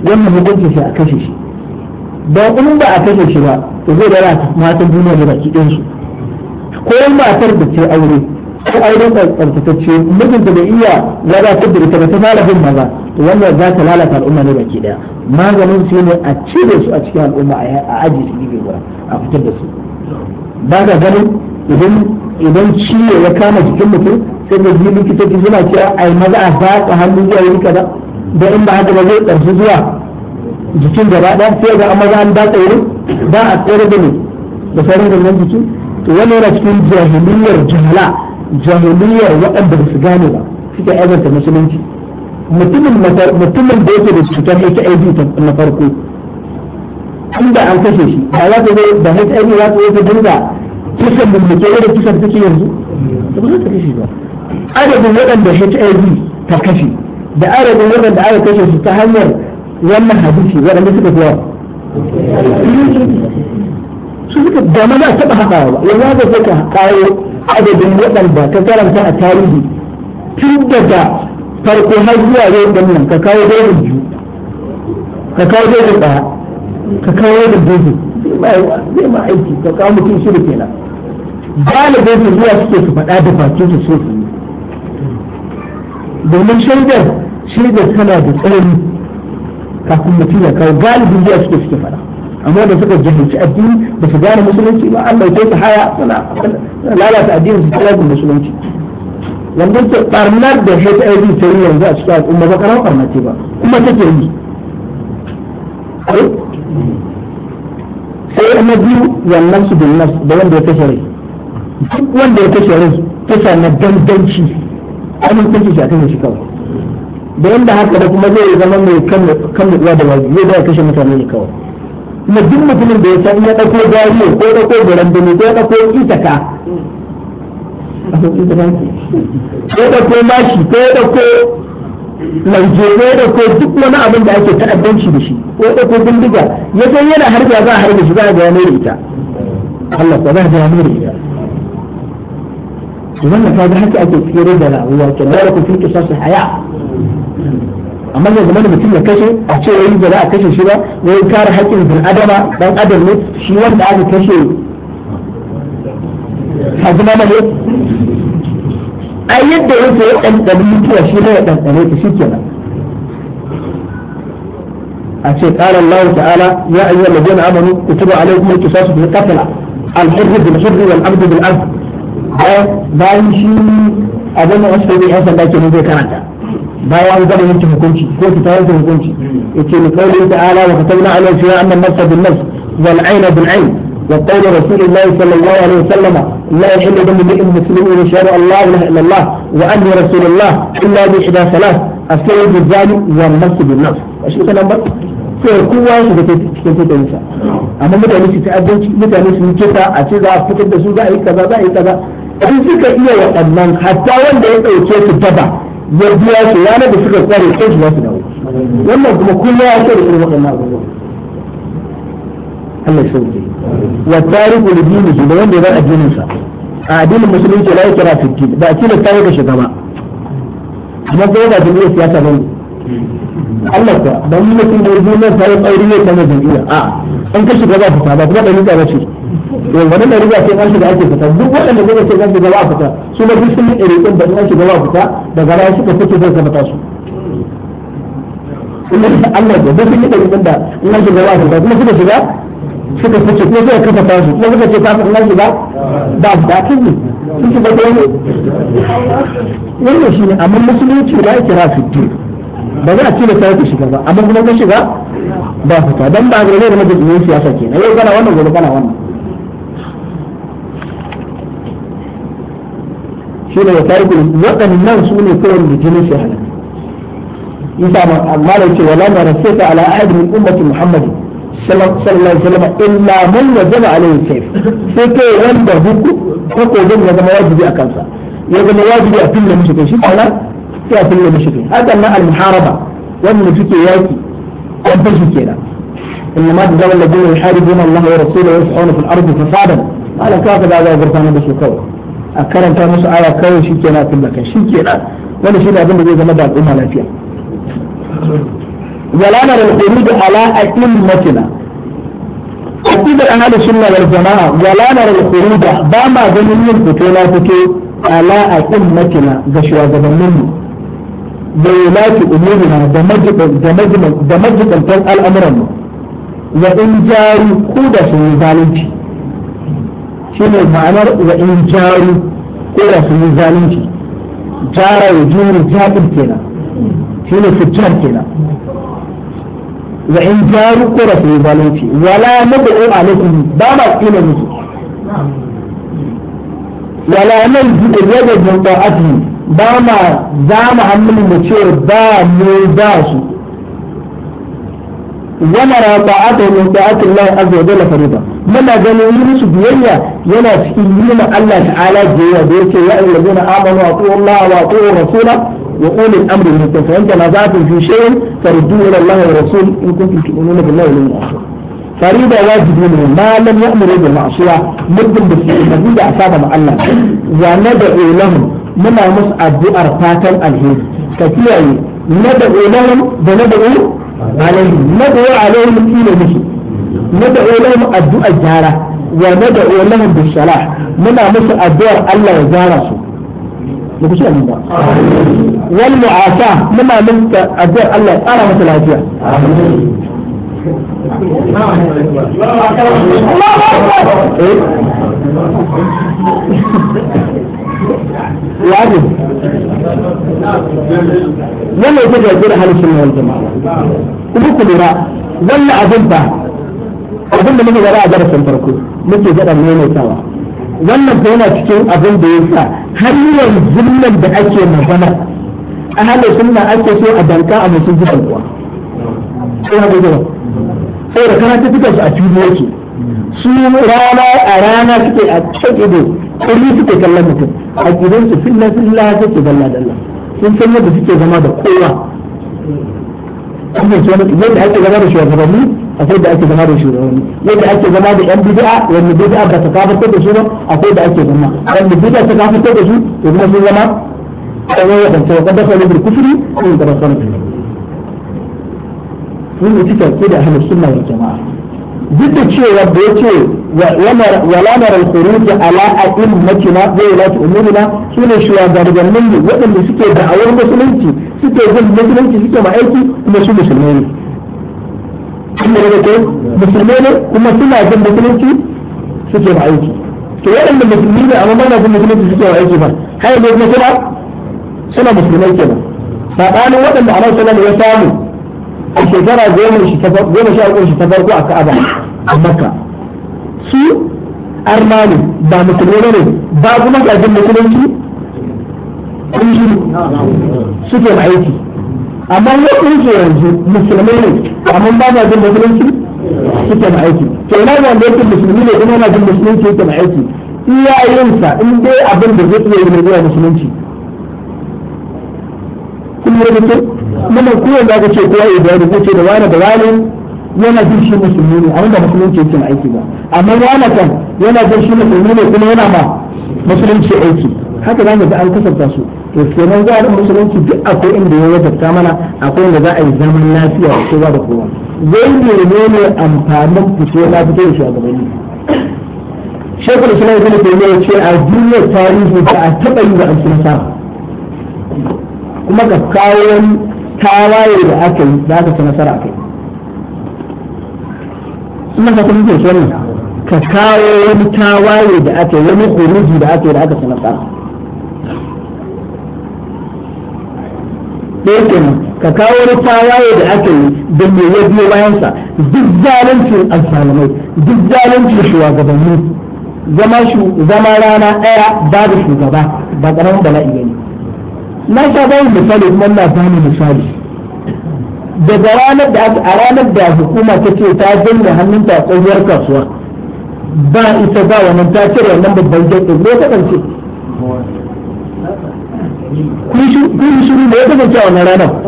wannan hukuncin shi a kashe shi don in ba a kashe shi ba to zai dara matan duniya da baki ɗinsu ko matar da ce aure ko auren tsaftatacce mijinta da iya wadatar da ita ba ta fara bin maza to wannan za ta lalata al'umma ne baki daya maganin su ne a cire su a cikin al'umma a aji su gibe a fitar da su ba ka ganin idan idan ciwo ya kama jikin mutum sai da ji likitoci suna cewa ai maza a zaƙa hannu zuwa wuri kaza da in ba haka ba zai ƙarfi zuwa jikin gaba ɗaya sai ga maza an datsa wurin ba a tsere da ne da sauran gangan jiki to wannan yana cikin jahiliyar jahala jahiliyar waɗanda ba su gane ba suke aibanta musulunci mutumin da yake da cutar HIV na farko tun da an kashe shi ba za ta zo da HIV za ta zo ta dinga bumbuke da kisan take yanzu ba za ta kashe ba adadin waɗanda HIV ta kashe da adadin waɗanda aka kashe su ta hanyar wannan hadisi waɗanda suka fi yawa su suka da ma ba taɓa haɗawa ba yanzu haka ka kawo adadin waɗanda ka karanta a tarihi tun daga farko har zuwa yau ɗan nan ka kawo dozin biyu ka kawo dozin ɗaya ka kawo da dogo zai ma aiki ka kawo mutum shi da kenan galibin su zuwa suke su faɗa da bakin su so domin shaidar shaidar tana da tsanani kafin mutum ya kawo galibin zuwa suke suke faɗa amma da suka jahilci addini ba su gane musulunci ba an ɗauke su haya suna lalata addinin su tsirabin musulunci wanda ke barnar da hiv ta yi yanzu a cikin al'umma ba karamar barnar ce ba kuma take yi na biyu wannan su bin nafs da wanda ya kashe rai duk wanda ya kashe rai kisa na danganci ainihin kashe shi a kashe shi kawai da yadda haka da kuma zai zama mai kan mutuwa da wajibi zai da kashe mutane ne kawai na duk mutumin da ya san ya ɗauko gariyo ko ɗauko garandami ko ɗauko itaka ko ɗauko mashi ko ɗauko lauje da ko duk wani abin da ake ta'addanci da shi ko da ko bindiga ya san yana harba za a harba shi za a ga yana da ita Allah ba za a ga yana da ita to wannan kaga haka ake tsere da rayuwa ke da ku fiki sasu haya amma da zaman mutum ya kashe a ce wai ba za a kashe shi ba wai kare haƙƙin bil adama dan adam ne shi wanda aka kashe hazina ne ai yadda yake ya ɗanɗani mutuwa shi ne ya ɗanɗane ta shi kenan a ce ƙara Allah ta'ala ya ayyuhal ladina amanu kutiba alaykum al-qisas bil qatl al-hurr bil hurr wal abd bil abd bayan shi abin da wasu ne yan sanda kenan zai karanta bayan an gama yanke hukunci ko ta yanke hukunci yace ni qawli ta'ala wa katabna alayhi fiha anna an-nafsa bin nafs wal 'ayna bil 'ayn وقول رسول الله صلى الله عليه وسلم لا يحل دم امرئ مسلم يشهد ان لا اله الا الله واني رسول الله الا باحدى ثلاث السيد الزاني والنفس بالنفس ايش كده نمبر sai kowa ya shiga cikin tattayinsa amma mutane su ci mutane su kisa a ce za a fitar da su za a yi kaza za a yi kaza in suka iya waɗannan hatta wanda ya ɗauke su taba ya biya su ranar da suka kware sai su za su dawo wannan kuma kowa ya ce da irin waɗannan abubuwa Allah ya sauke wa tariku lidinihi da wanda ya bar addinin sa a addinin musulunci la yakra fi din ba a tayi ga shiga ba amma ko ba jami'a siyasa ba Allah ka ba mutum da yarda nan sai tsauri ne kamar jami'a a an ka shiga ba fita ba kuma da nika ba ce to wannan da riga sai an shiga ake fita duk waɗanda kuma sai an shiga fita su ba duk yi irin da an shiga ba fita daga rayuwa suka fito sai ka fita su Allah da duk sun da an shiga ba kuma suka shiga suka fice ko sai kafa tasu kuma suka ce kafin shi ba ba da kiji ne sun ci bata wani wannan shi ne amma musulunci da yake kira fitte ba za a ci da sai ku shiga ba amma kuma ka shiga ba ta dan ba ga ne da majalisun siyasa kenan yau kana wannan gobe kana wannan shi ne ya tarihi waɗannan su ne kawai da jinin shi halatta yasa ma amma da ce wala ma rasita ala ahad muhammadin sallallahu alaihi wasallam illa man wajaba alaihi sayf sai kai wanda hukku ko ko ya zama wajibi a kansa ya zama wajibi a fille mishi kai shi kana sai a fille mishi kai hakan nan al-muharaba wanda suke yaki an fashi kenan إنما جزاء الذين يحاربون الله ورسوله ويسعون في الأرض فسادا قال كافر هذا غرفان بس كوي أكرم تامس آية كوي شيكينا كلها شيكينا ولا شيء أبن بيزا مدى الأمة لا فيها ولا نرى الخروج على أئمتنا أكيد هذا السنة والجماعة ولا نرى الخروج بما ظنين بطولاتك على أئمتنا غشوا زمننا بولاة أمورنا دمجد الأمر وإن جاري كودا سنة ذلك شنو معنى وإن جاري كودا سنة ذلك جارة وجور جابر كنا شنو فتار كنا wa in jaru ko da su zalunci wala mad'u alaikum ba ma kina musu wala nan ji da yadda a ba'ati ba ma za mu hannun mu ce ba mu ba su wala ra ba'ata min ba'ati Allah a wa da fariba muna ganin yi musu biyayya yana cikin yi Allah ta'ala biyayya da yake ya ayyuhallazina amanu wa atu'u ko wa atu'u rasulahu وأولي الأمر منكم فإن تنازعتم في شيء فردوه إلى الله والرسول إن كنتم تؤمنون بالله واليوم الآخر فريضة واجب منه ما لم يأمر بالمعصية مدن بالمدن أصاب مع الله وندعو لهم منا مس أدوار فاتن الهيد كثيرا ندعو لهم بندعو عليهم ندعو عليهم إلى مشي ندعو لهم أدوار الجارة وندعو لهم بالصلاح منا مس أدوار الله وجارة ba shi ba wal mu'afa muna minka addu'ar Allah ya tsara masa lafiya واجب ولا يجب يقول أهل السنة والجماعة وبكل راء ولا أبنبه أبنبه من وراء درس الفرقود مثل جرى من يوم wannan ko yana cikin abin da yasa hanyar yanzu da ake magana a ahalin sunna ake so a danka a mutum zuban kuwa ina ga gaba saboda karanta duka su a fili yake su rana a rana suke a cikin ido kullu suke kallon mutum a gidan su filla filla suke dalla dalla sun san yadda suke zama da kowa kuma yadda ake zama da shugabanni akwai da ake zama da shugabanni yadda ake zama da yan bid'a wanda bid'a ba ta kafartar da su ba akwai da ake zama wanda bid'a ta kafartar da su to kuma sun zama kamar ya kanta wa kaddafa ne bilkufri ko in gaba sanar sun yi cikin ke da ahlus sunna wal jama'a duk da cewa da yace wala nara al-khuruj ala a'immatina wa ulati umurina sune shugabannin waɗanda suke da'awar musulunci suke jin musulunci suke ma'aiki kuma su musulmai ne inda daga ko musulmai ne kuma suna jin musulunci suke ba aiki to waɗanda musulmi ne amma ba jin musulunci suke ba aiki ba har ne kuma suna suna musulmai kenan sabanin waɗanda a nan ya samu a shekara goma sha uku shi ta farko a ka'aba a makka su arna ne ba musulmai ne ba kuma gajin musulunci kun shi suke ba aiki amma lokacin ke yanzu musulmai ne amma ba na jin musulunci suke na aiki to ina ga wanda yake musulmi ne kuma na jin musulunci suke na aiki iyayensa in dai abin da zai iya yi ne zuwa musulunci kun yi rubutu mana kowanne da aka ce kowa ya bayani zai ce da wani da wani yana jin shi musulmi ne amma da musulunci yake na aiki ba amma wani kan yana jin shi musulmi ne kuma yana ma musulunci aiki haka na ga an kasanta su to kenan za a musulunci duk akwai inda ya wajabta mana akwai inda za a yi zaman lafiya da kowa da kowa wai ne ne amfanin fito na fito da shugabanni shekul islam ibn taymiya ya ce a duniyar tarihi ba a taɓa yi da amsu sa kuma ka kawo tawaye da aka yi za ka ci nasara kai ina ka kuma ke ka kawo wani tawaye da aka yi wani kuruji da aka yi da aka ci nasara ɗaya ka kawo wani tawaye da aka yi da me ya biyo bayansa duk zalunci alfalamai duk zalunci shugabanni zama zama rana ɗaya babu shugaba ba ƙaramin bala'i ba ne na sha bayan misali kuma na bani misali daga ranar da a ranar da hukuma ta ce ta janye hannunta a tsohuwar kasuwa ba ita ba wannan ta cire wannan babban jirgin ne ta ɗauke kun shiru da ya kasance a wannan ranar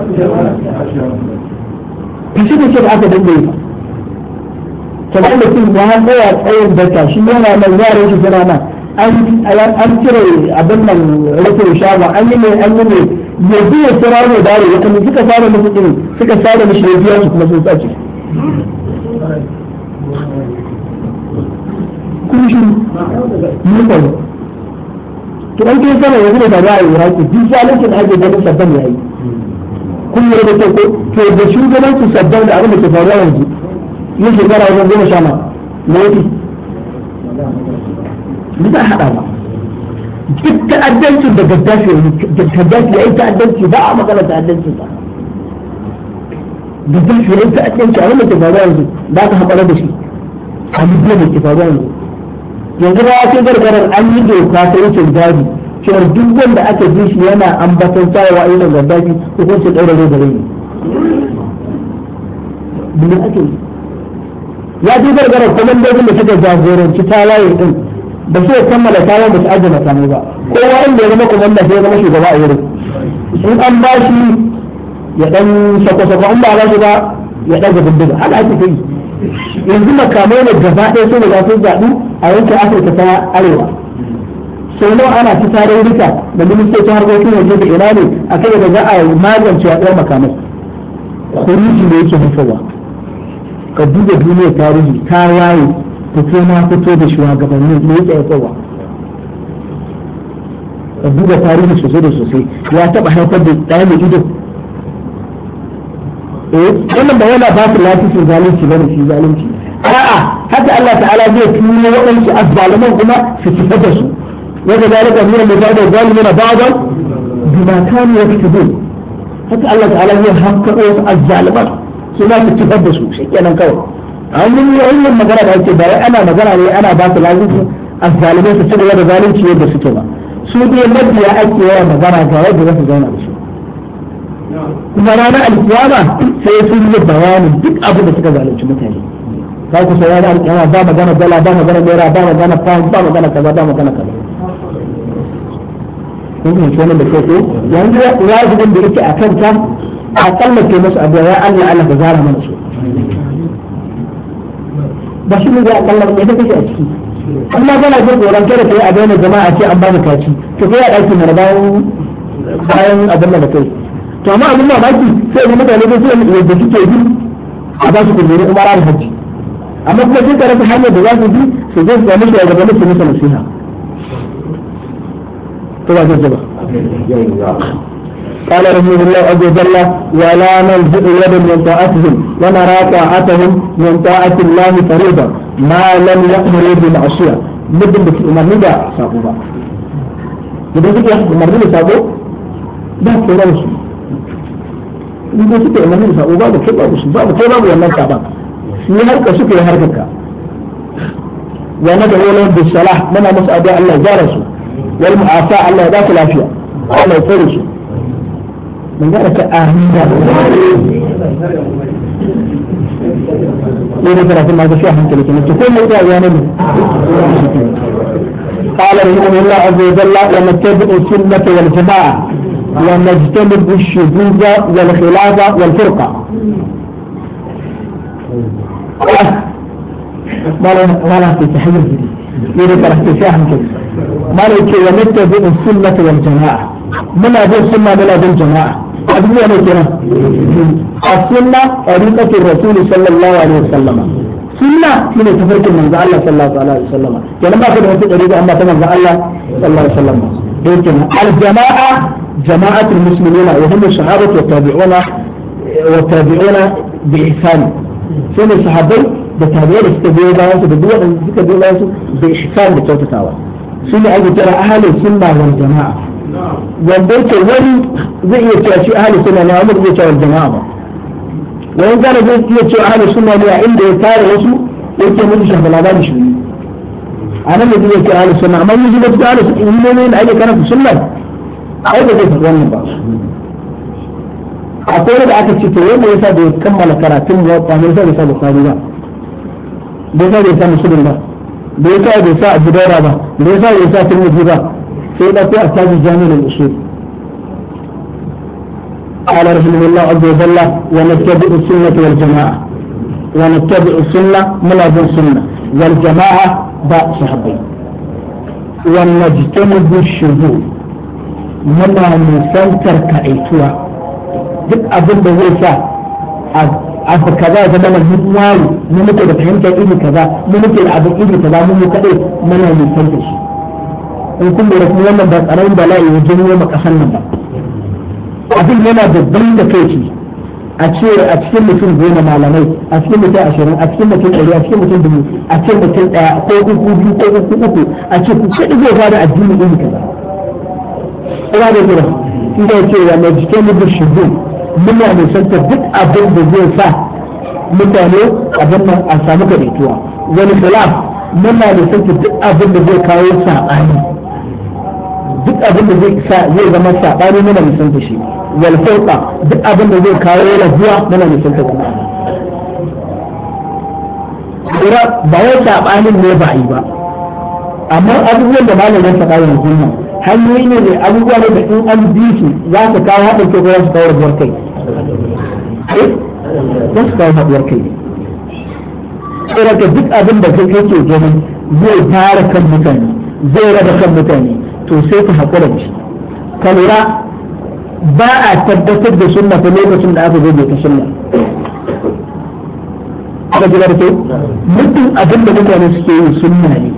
kashi da ce da aka dangaye kamar mutum ya tsaya tsayin daka shi yana nan yaran shi suna nan an cire abin nan rufin shago an yi ne an yi mai yanzu ya kira ne dare ya kuma suka sare musu ɗin suka sare mishi ya biya su kuma sun tsace kun shi mun to an kai kana yanzu da ba a yi raki duk zalincin da ake ganin sabbin ya yi kun yi rubuta ko to da shugabancin sabbin da abin da ke faruwa yanzu yin shekara wajen goma sha ma na yake ba za a haɗa ba duk ta'addancin da gaddafi da gaddafi ya yi ta'addanci ba a magana ta'addancin ba gaddafi ya yi ta'addanci abin da ke faruwa yanzu ba ka haɓara da shi a mutum da ke faruwa yanzu yanzu ba ce gargarar an yi doka ta wucin daji cewa duk wanda aka ji shi yana ambaton tawawa irin gaddafi hukuncin ɗaurare da rai ne ake ya ji gargarar kwamandojin da suka jagoranci talaye din ba sai kammala talaye ba su ajiye makamai ba kowa inda ya zama kwamanda sai ya zama shugaba a wurin in an ba shi ya dan sako-sako in ba ba shi ba ya ɗaga bindiga haka ake kai yanzu makamai ne gaba ɗaya sun za sun zaɓi a yankin afirka ta arewa sau nawa ana ta tarin rika da ministocin harkokin yanzu da ina ne a kai da za a magance yaɗuwar makamai kuriji ne yake haifarwa ka duba duniyar tarihi ta waye ce na fito da shugabannin ne yake haifarwa ka duba tarihi sosai da sosai ya taɓa haifar da ɗaya mai ido eh wannan ba yana ba su lafifin zalunci ba ne zalunci a'a haka Allah ta'ala zai tuno waɗansu azzaluman kuma su kifar da su wanda zalika min al-mutawada zalimina ba'dan bima kanu yaktubun haka Allah ta'ala zai hakka wasu azzaluman su ma su kifar da su shikenan kawai an yi wannan magana da ake bayan ana magana ne ana ba su lafifin azzaluman su ci da zalunci yadda suke ba su dai mabiya ake yawa magana ga yadda za su zauna da su kuma ranar alkiyama sai sun yi bayanin duk abin da suka zalunci mutane ka ku sai ranar alkiyama ba magana dala ba magana naira ba magana pound ba magana kaza ba magana kaza kun fahimci wannan da kai yanzu wajibin da yake a kan ta a kalla ke musu abu ya Allah Allah ka zara mana su ba shi ne ya kalla ne da kake a ciki amma kana jin tsoron kada kai a bayyana jama'a ce an ba mu kaci to kai a ɗakin mana bayan bayan abin da kai to amma abin mamaki sai ne mutane da suke yadda suke bi a ba su kujeru umara da hajji amma kuma sun ka rasa hanyar da za su bi su je su samu shugabanni su musu nasiha to ba zai ba قال رحمه الله عز وجل ولا نلجئ يدا من طاعتهم ونرى طاعتهم من طاعة الله فريضة ما لم يأمر بالعصية مدن بك أمر ندا صابوا مدن بك أمر ندا صابوا ده كلام سنة in ko suka yi wani sabo babu kai babu su babu kai babu wannan saban ni harka suka yi harkar ka wa na da wala bi salah muna musu addu'a Allah ya gyara su wal mu'afa Allah ya ba su lafiya Allah ya tsare su من ذلك آمين ليه ترى ما تشوف أنت لكن تكون موضوع يا نبي قال رحمه الله عز وجل ونتبع السنة والجماعة ونجتنب الشذوذ والخلاف والفرقة أه. ما لا في ما لا في السنة والجماعة ما لا في السنة من في الجماعة أبدي أنا كنا السنة طريقة الرسول صلى الله عليه وسلم سنة من تفرق من ذا الله صلى الله عليه وسلم يعني ما في طريقة أما تمن ذا الله صلى الله عليه وسلم الجماعة جماعة المسلمين وهم الصحابة والتابعون والتابعون بإحسان سنة الصحابي بتابعين استبيعوا بيانسوا بدوة ذكر بيانسوا بإحسان تاوى سنة أجل ترى أهل السنة والجماعة والبيت الولي زي يتعشي أهل السنة لا أمر زي الجماعة وإن كان زي يتعشي أهل السنة لا عند اسمه وسو يتعشي مدشة بالعبادة شوي أنا الذي يتعشي أهل السنة ما يجب أن يتعشي أهل السنة إنه من أجل كانت السنة ai ba zai faɗi wannan ba akwai da aka ce to yadda yasa da ya kammala karatun mu ba mai sai da sa bukhari ba da yasa da ya sa muslim ba da yasa da ya sa abu daura ba da yasa da ya sa tirmidhi ba sai da ko asabi jami'ul usul قال رحمه الله عز وجل ونتبع السنة والجماعة ونتبع السنة ملازم السنة والجماعة باء صحابي ونجتنب الشذوذ muna nisantar kaɗaituwa duk abin da zai sa abu kaza ya zama mun wari mu muke da fahimtar iri kaza mu muke da abin iri kaza mu mu kaɗai muna nisantar shi in kun da kuma wannan ba tsaron bala'i ya janyo ma ƙasar nan ba abin yana babban da kai ce a ce a cikin mutum goma malamai a cikin mutum ashirin a cikin mutum ɗari a cikin mutum dubu a cikin mutum ɗaya ko uku biyu ko uku uku a ce ku kaɗai zai fara addini iri kaza kuma da kira ina cewa na jikin mutum shigo muna nisanta duk abin da zai sa mutane abin nan a samu kaɗaituwa wani khilaf muna nisanta duk abin da zai kawo saɓani duk abin da zai sa zai zama saɓani muna nisanta shi wal fauqa duk abin da zai kawo rabuwa muna nisanta kuma ba wai saɓanin ne ba yi ba amma abubuwan da malamin faɗa yanzu nan hanyoyi ne mai abubuwa ne da in an bi su za su kawo haɗin kai ko za su kawo rabuwar kai eh? za su kawo haɗuwar kai tsiraka duk abin da kai ke gani zai tara kan mutane zai raba kan mutane to sai ka haƙura da shi ka lura ba a tabbatar da sunna ko lokacin da aka zo ta sunna aka ji barke mutum abin da mutane suke yi sunna ne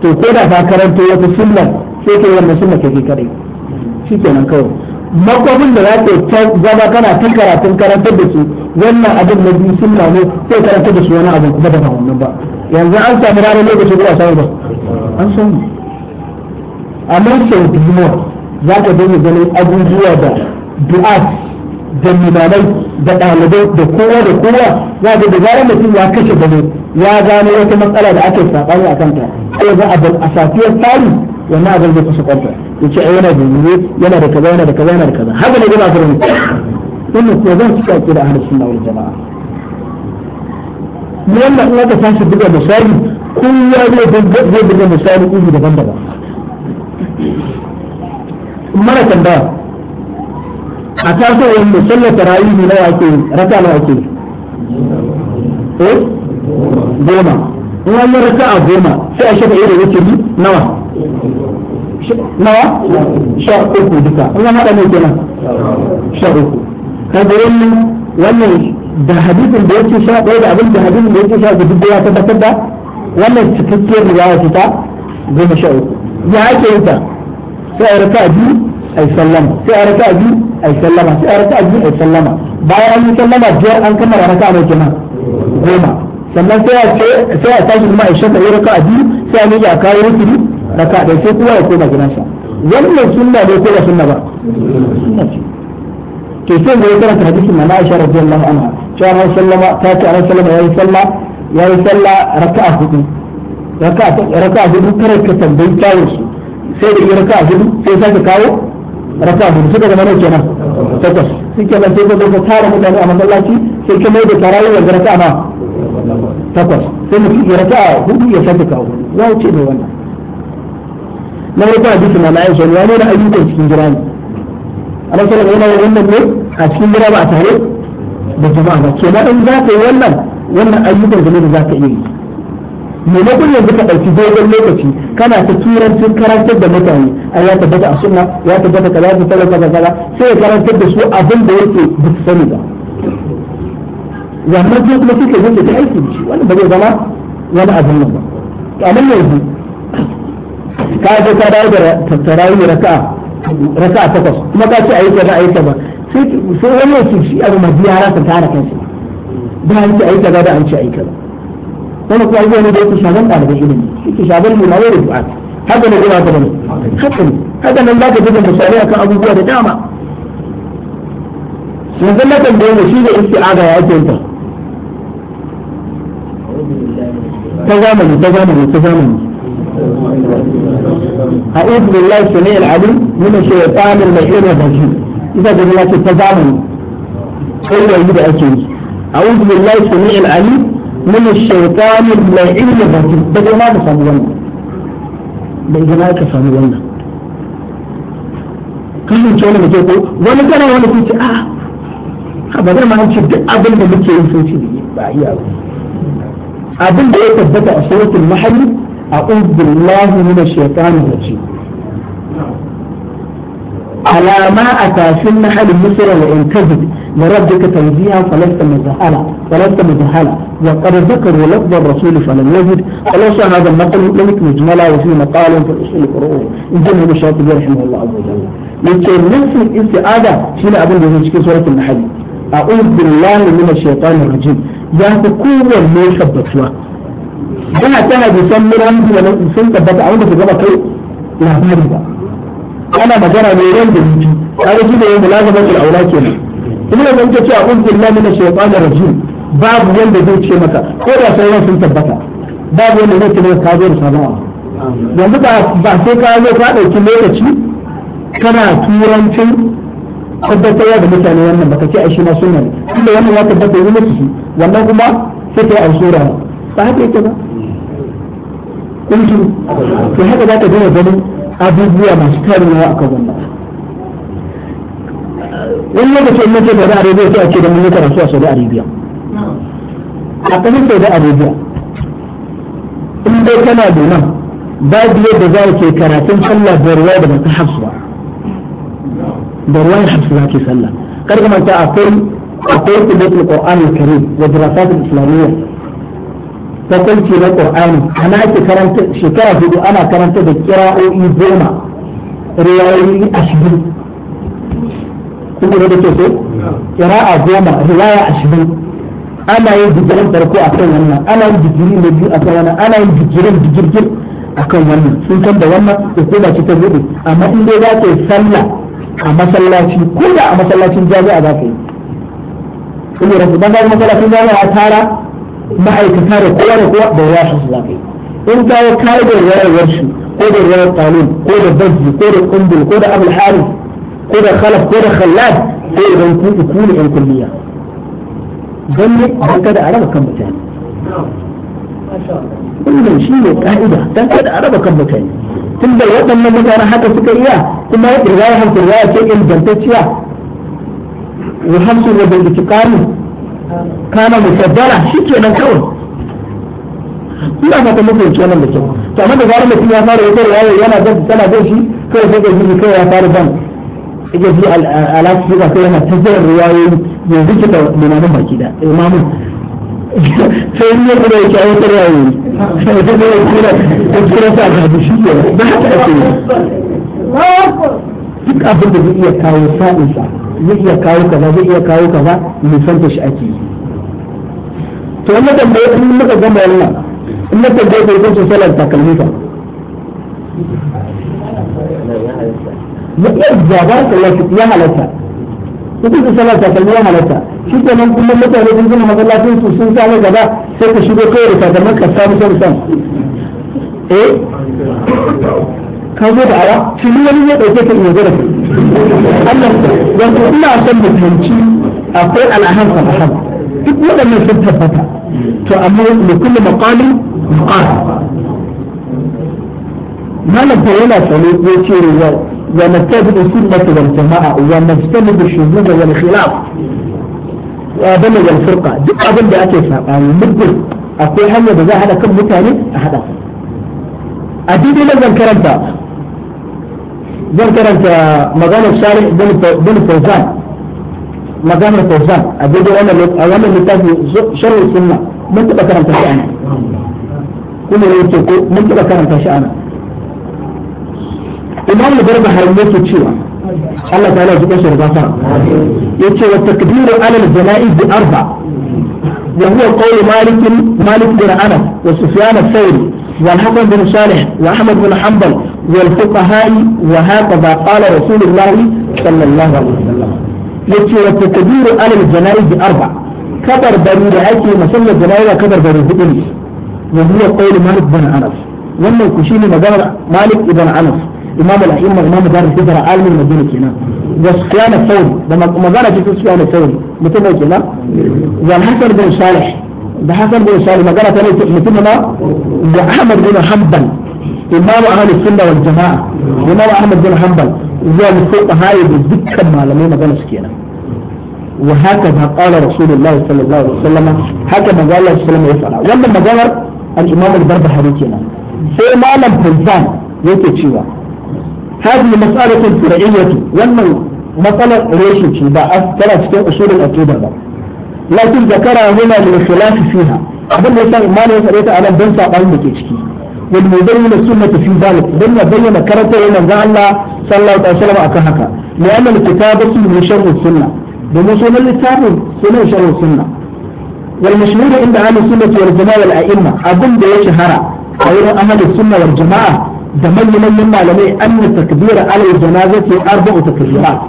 to ko da ba karanto wata sunna sai ke wannan suna ke ke kare shi ke nan kawai makwabin da za ta zama kana tun karatun karantar da su wannan abin na biyu sunna ne sai karantar da su wani abin kuma da wannan ba yanzu an samu ranar lokaci ko a samu ba an samu a sau biyu za ka dinga ganin abubuwa da du'as da limamai da ɗalibai da kowa da kowa za ka da zarar mutum ya kashe gano ya gano wata matsala da ake saɓani a kanta ko za a a safiyar tsari wannan abin zai kusa kwanta ya ai yana da zuri yana da kaza yana da kaza yana da kaza haka ne ga ba furin wannan ko zan cika ki da ahlus sunna wal jamaa mu wannan in aka tashi buga misali kowa zai zai buga misali iri daban-daban mana tambaya a tasowar sallata rayu na wake raka na wake eh goma in an raka a goma sai a shafa irin wuce nawa nawa sha uku duka wannan haɗa ne kenan sha uku kaga wannan wannan da hadisin da yake sha ɗaya da abin da hadisin da yake sha uku duk ya tabbatar da wannan cikakkiyar riwaya ce ta goma sha uku ya ake yi ta sai a raka biyu a yi sallama sai a raka biyu a yi sallama sai a raka biyu a yi sallama bayan an yi sallama biyar an kammala raka mai kenan goma sannan sai a tashi kuma a yi shaka yi raka biyu sai a miƙa kayan rukuni raka da sai kuma ya koma gidansa wannan sunna ne ko ba sunna ba sunna ce to sai da ya karanta hadisin na Aisha radiyallahu anha cewa Annabi sallama ta ce Annabi sallama yayi sallah yayi sallah raka'a hudu raka'a raka'a hudu kare ka tambayi kawo su sai da raka'a hudu sai sake kawo raka'a hudu suka zama nawa kenan takwas shi kenan sai ka zo ka tara mutane a masallaci sai ka mai da tarawih da raka'a ma takwas sai mutum ya raka'a hudu ya sake kawo ya wuce mai wannan na wata hadisi na Aisha ne yana da ayyukan cikin gida ne Allah sallallahu alaihi wasallam wannan ne a cikin gida ba tare da jama'a ba kenan in za ka yi wannan wannan ayyukan da ne za ka yi maimakon yanzu ka ɗauki dogon lokaci kana ta turancin karantar da mutane a ya tabbata a suna ya tabbata kaza ya tabbata kaza sai ya karantar da su abin da yake ba su sani ba wannan kuma suke zai da aiki da shi wani ba zai zama wani abin nan ba amma yanzu ka je ka dawo da tattarawi raka'a raka'a takwas kuma ka ce ayi kaza ayi kaza sai wani ya ce shi abu ma biya rasa tara kansa da an ce ayi kaza da an ce ayi kaza wani kuma abubuwa ne da yake shagan ɗalibai ilimi yake shagan limamai da du'a haka ne ina gaba ne haka ne haka nan za ka ji da misalai akan abubuwa da dama yanzu na kan da shi da isti'aga ya ake ta ta zamani ta zamani ta zamani أعوذ بالله السميع العليم من الشيطان اللعين الرجيم إذا قلنا تتزامن كل يجب أكيد أعوذ بالله السميع العليم من الشيطان اللعين الرجيم بدل ما تصمي بدل ما تصمي kan ce wani mutum ko wani kana wani kuce a ba zama an ce duk abin da muke yi sun ce ba أعوذ بالله من الشيطان الرجيم على ما أتى في النحل مصر وإن كذب لربك تنزيها فلست مزهلا فلست مزهلا وقد ذكروا لفظ الرسول فلم يجد صار هذا النقل لك مجملا وفي مقال في الأصول القرآن إن جمع الشاطبي رحمه الله عز وجل لكن نفس الاستعادة شين أبن في سورة النحل أعوذ بالله من الشيطان الرجيم يا كل ما يثبت yana ta san miran da sun tabbata a wanda su gaba kai labari ba ana magana ne ran da jiki tare shi da yin mulazaman al'aula kenan kuma da zan ce a ƙungiyar lamu da shaifanar rajim babu wanda zai ce maka ko da sauran sun tabbata babu wanda zai ce maka ka zo da sana'a yanzu ba sai ka zo ka dauki lokaci kana turancin tabbatarwa da mutane wannan baka ce a shi na sunan inda wannan ya tabbata yi musu wannan kuma sai ka yi a فهذا يتبع ويجب في هذا لا تدعو ذلك أبو بوا ما اشتار من وعقا ولا والله في المجال لا أريد أن أكيد من يترى سوى سوى أريبيا أقلت سوى أريبيا إن بيتنا دونا بعد يد ذلك كراتين صلى بروا بنا تحصوا بروا يحصوا لك صلى قرر ما أنت أقول أقول في بيت القرآن الكريم ودراسات الإسلامية tafarki na qur'ani ana ake karanta shekara hudu ana karanta da kira'o'i goma riwayoyi ashirin kuma da ke so kira'a goma riwaya ashirin ana yin digirin farko a kan wannan ana yin digiri na biyu a kan wannan ana yin digirin digirgir a kan wannan sun san da wannan hukuma ce ta buɗe amma in dai za ka yi sallah a masallaci ko da a masallacin jami'a za ka yi kuma rasu ban ga masallacin jami'a a tara ma'aikata da kowa da kowa da ruwa su za ka yi in kawo kayi da ruwayar shi ko da ruwayar talib ko da bazzi ko da kundul ko da abul harif ko da khalaf ko da khallad ko da ku ku ne yan kulliya dan ne dan kada a raba kan mutane wannan shi ne ka'ida dan kada a raba kan mutane da waɗannan mutane haka suka iya kuma ya hamsin ya ce ingantacciya wa hamsin wa bil itikani kana musaddara shi kenan kawai ina fata muku yake wannan da kyau to amma da zara mutum ya fara wutar yawo yana da tana da shi kai sai ga jini kai ya fara ban yake ji alaƙi ba kai yana tafiyar riwayoyi yanzu kika limamin baki da imamu sai ne kuma yake a wutar yawo sai da zai kira ta kira sa da shi ne ba ta haka ake yi duk abin da zai iya kawo sa'insa zai iya kawo kaza zai iya kawo kaza ta shi ake yi to wannan tambaye in muka gama wannan in muka je ko kun salar takalmi fa ya iya jabar ya halatta kuka ku salar takalmi ya halatta shi ke nan kuma mutane sun gina masallacin su sun samu gaba sai ka shigo kawai da takalmin ka samu san eh ka zo da awa shi ni wani zai ɗauke ka iya zarafi Allah wato ina son mu fahimci akwai al'aham al'aham duk waɗannan sun tabbata to amma da kullum maƙalin maƙal malam ta yana tsaro ya ce yau wa nattabi sunnah wal jama'a wa najtanibu shuhud wal khilaf wa bala wal furqa duk abin da ake sabani muddin akwai hanyar da za a hada kan mutane a hada a daidai nan zan karanta زن كانت مغانا الشارع بن فوزان مغانا فوزان أبدو أنا أنا اللي كان شر السنة من تبقى كانت شأنا كل اللي يتوقع من تبقى كانت شأنا إمام البرد حرميته تشوى الله تعالى يجب أن شرقها يتشوى التكبير على الجنائز بأربع وهو قول مالك مالك بن أنس وسفيان الثوري والحكم بن صالح وأحمد بن حنبل والفقهاء وهكذا قال رسول الله صلى الله عليه وسلم يجي والتكبير على الجنائز أربع كبر بني لأيكي مسلا الجنائز كبر بني هدني وهو قول مالك بن عنف لما الكشيني مجال مالك بن عنف إمام الأئمة إمام دار الكبرى عالم المدينة هنا وصيانة الثوري لما مجال أجي تصيانة ثوري مثل ما يجينا والحسن بن صالح ده حسن بن صالح مجال أتنى مثل ما وعمر بن حنبل إمام أهل السنة والجماعة إمام أحمد بن حنبل زي الفوق هاي بالذكة معلمين بنا سكينة وهكذا قال رسول الله صلى الله عليه وسلم هكذا قال الله صلى الله عليه وسلم ولما قال الإمام البرد حديثنا في إمام الفلسان تشيوا هذه مسألة فرعية ولما مثلا ريشن شيء ترى في أصول الأكيدة لكن ذكرها هنا للخلاف فيها أبدا يسأل ما يسأل يسأل أنا بنسى أقل مكيشكي والمبين السنة في ذلك بل بين كرته من الله صلى الله عليه وسلم أكهكا لأن الكتاب اسمه شر السنة بمسؤول الكتاب سنة شر السنة والمشهور عند أهل السنة والجماعة والأئمة أظن ده شهرة غير أهل السنة والجماعة دمني من لمي أن التكبير على الجنازة أربع تكبيرات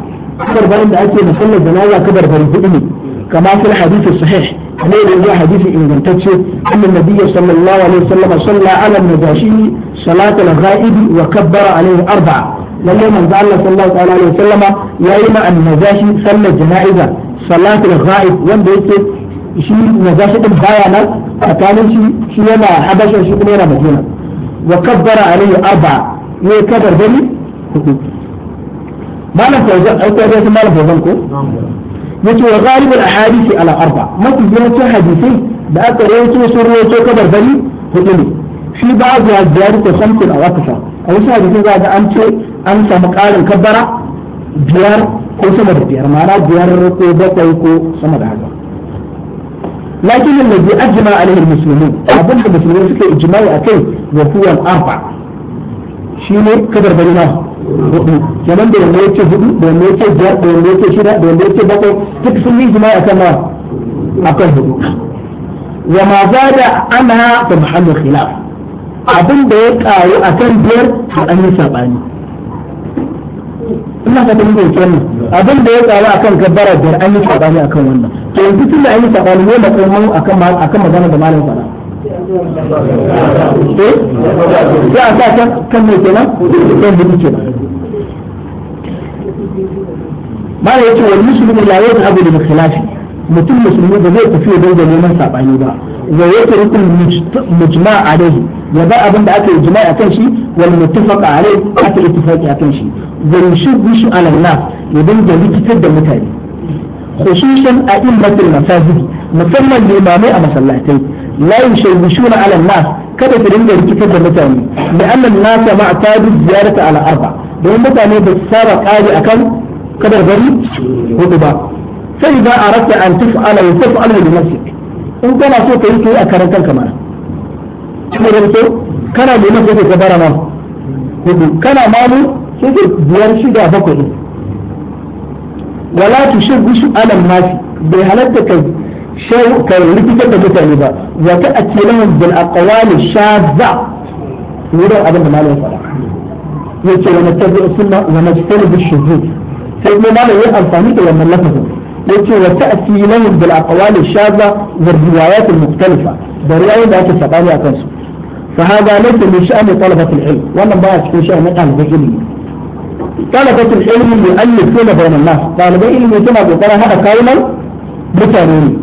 أكبر بأن أكبر جنازة الجنازة كبر بريد كما في الحديث الصحيح عليه هو حديث ان ان النبي صلى الله عليه وسلم صلى على النجاشي صلاه الغائب وكبر عليه اربعه لما قال صلى الله عليه وسلم يا ان النجاشي صلى الجنائزه صلاه الغائب وين بيتك شيء نجاشي ابن بايانا اتاني شيء شيء ما حبش شيء كبيره مدينه وكبر عليه اربعه يكبر إيه بني ما لك فوزان او تعرف ما لك yace wa al ahadisi ala arba mafi yawancin hadisai da aka rawaito sun rawaito kabarbari hudu ne fi ba'dhu az-ziyaratu khamsun aw akthar a wasu hadisin za ga an ce an samu karin kabbara biyar ko sama da biyar ma'ana biyar ko bakwai ko sama da haka lakin alladhi ajma alaihi al abinda musulmai suka ijima'i akai wa huwa arba shi ne kadar bari na hudu kenan da wanda yake hudu da wanda yake biyar da wanda yake shida da wanda yake bakwai duk sun yi jima'i akan ma akan hudu wa ma zada ana fa mahallu khilaf abin da ya karu akan biyar to an yi sabani ina ka tambaye ki wannan abin da ya karu akan gabbara biyar an yi sabani akan wannan to yanzu tunda an yi sabani ne matsayin akan akan magana da malam fara Eh? za a sa can kan mai kenan kan hudu kenan ma da yake wani musulmi la yau abu da mukhilafi mutum musulmi ba zai tafi don da neman sabani ba wa yake rukun mujma alaihi ya ba abin da aka yi jima'i kan shi wani wal a alaihi aka yi a kan shi wani yushbishu a nas ya dinga likitar da mutane khususan a'immatul masajid musamman limamai a masallatai la yushawishuna ala nas kada ku dinga rikitar da mutane da annan nasa ma ta bi ziyarata ala arba don mutane ba su saba kari akan kadar bari hudu ba sai idan arata an taf'ala wa taf'ala bi nafsik in kana so ka yi kai a karantar kamar kuma da so kana da nafsi ka bara ma hudu kana mamu sai ka biyar shida bakwai wala tushir bishu ala nasi bai halatta kai كان كي ركتك بمتعني با وتأكلهم بالأقوال الشاذة ولو أبن ما له فرع يقول ونتبع السنة ونجتنب الشذوذ سيدنا ما له من لفظه يقول وتأتي لهم بالأقوال الشاذة والروايات المختلفة برواية لا تسبعني أكنسو فهذا ليس من شأن طلبة العلم وأنا بقى في شأن أهل العلم طلبة العلم يؤلفون بين الناس طالب العلم يتنا بقرا هذا كلمة متانين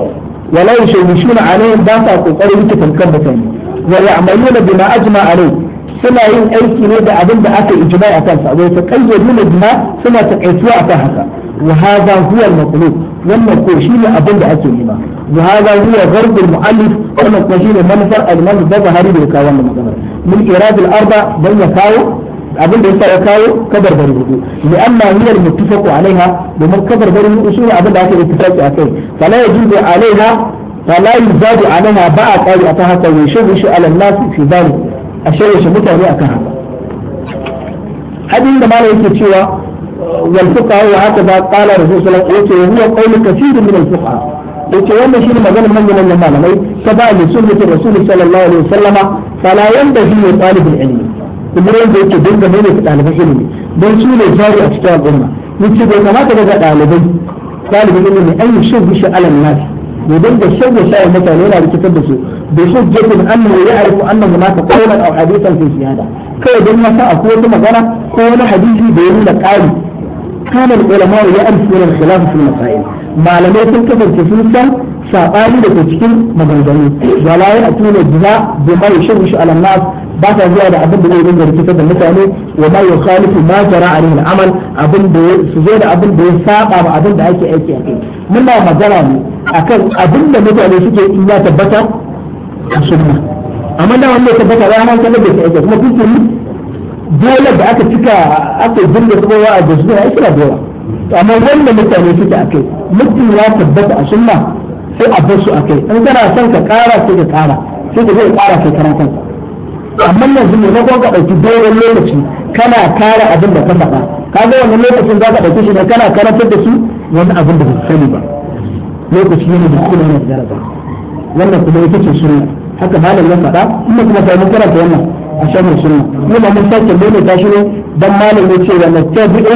wala yashawishuna alaihim ba sa kokarin rike kan mutane wa ya'maluna bima ajma alaihi suna yin aiki ne da abin da aka ijma a kansa wai ta kayyaduna bima suna takaituwa akan haka wa hadha huwa al-maqlub wannan ko shine abin da ake nema wa hadha huwa gharb al wannan ko shine manufar al-imam da Buhari da ya kawo wannan magana min irad al-arba dan ya kawo abin da yasa ya kawo kabarbari hudu li amma hiya al muttafaqu alaiha domin kabarbari hudu shine abin da ake ittifaqi akai fala yajibu alaiha fala yuzadu alaiha ba a kari akan haka wa shawu shi ala nas fi dalik a shawu shi mutane akan haka hadin da malai yake cewa wal fuqaha wa haka ba qala rasul sallallahu alaihi wasallam huwa qawlu kathir min al fuqaha yace wannan shine maganar manyan manyan malamai ta ba li sunnati rasul sallallahu alaihi wasallama fala yanbahi li talib al ilmi kuma yadda yake dinga mai da ɗaliban ilimi don su ne jari a cikin al'umma ni ce bai kamata daga ɗalibai ɗaliban ilimi an yi shan bishin alam nasi bai dinga shan da shayar mutane yana rikitar da su bai shan jefin an ne ya arifu an nan munaka kaulan a hadisan fi shahada kawai don masa akwai wata magana ko wani hadisi da ya nuna ƙari كان العلماء يعرفون الخلاف في المسائل ما لم يكن كفر كفر saɓani da cikin maganganu wala ya tuna jiza bi ma yashwish ala nas ba sa zuwa da abin da zai dinga rikitar da mutane wa ma yukhalifu ma jara alaihi amal abin da su zo da abin da ya saba ba abin da ake aiki a kai muna magana ne akan abin da mutane suke in ya tabbata a sunna amma da wanda ya tabbata ba nan kallon da ke aiki kuma kuke dole da aka cika aka dinga tsowa a jinsu ya kira na yawa amma wanda mutane suke a kai mutum ya tabbata a sunna sai a bar su a kai in kana son ka kara sai ka kara sai ka zo ka kara kai karan amma yanzu ne makon ka ɗauki dogon lokaci kana kare abin da ka faɗa ka ga wannan lokacin za ka ɗauki shi ne kana karantar da su wani abin da ba sani ba lokaci ne da kuma yana da ba wannan kuma ita ce sunna haka malam ya faɗa kuma kuma sai mun karanta wannan a shan sunna kuma ba mun sake mai ta shi ne dan malam ya ce wa nattabi'u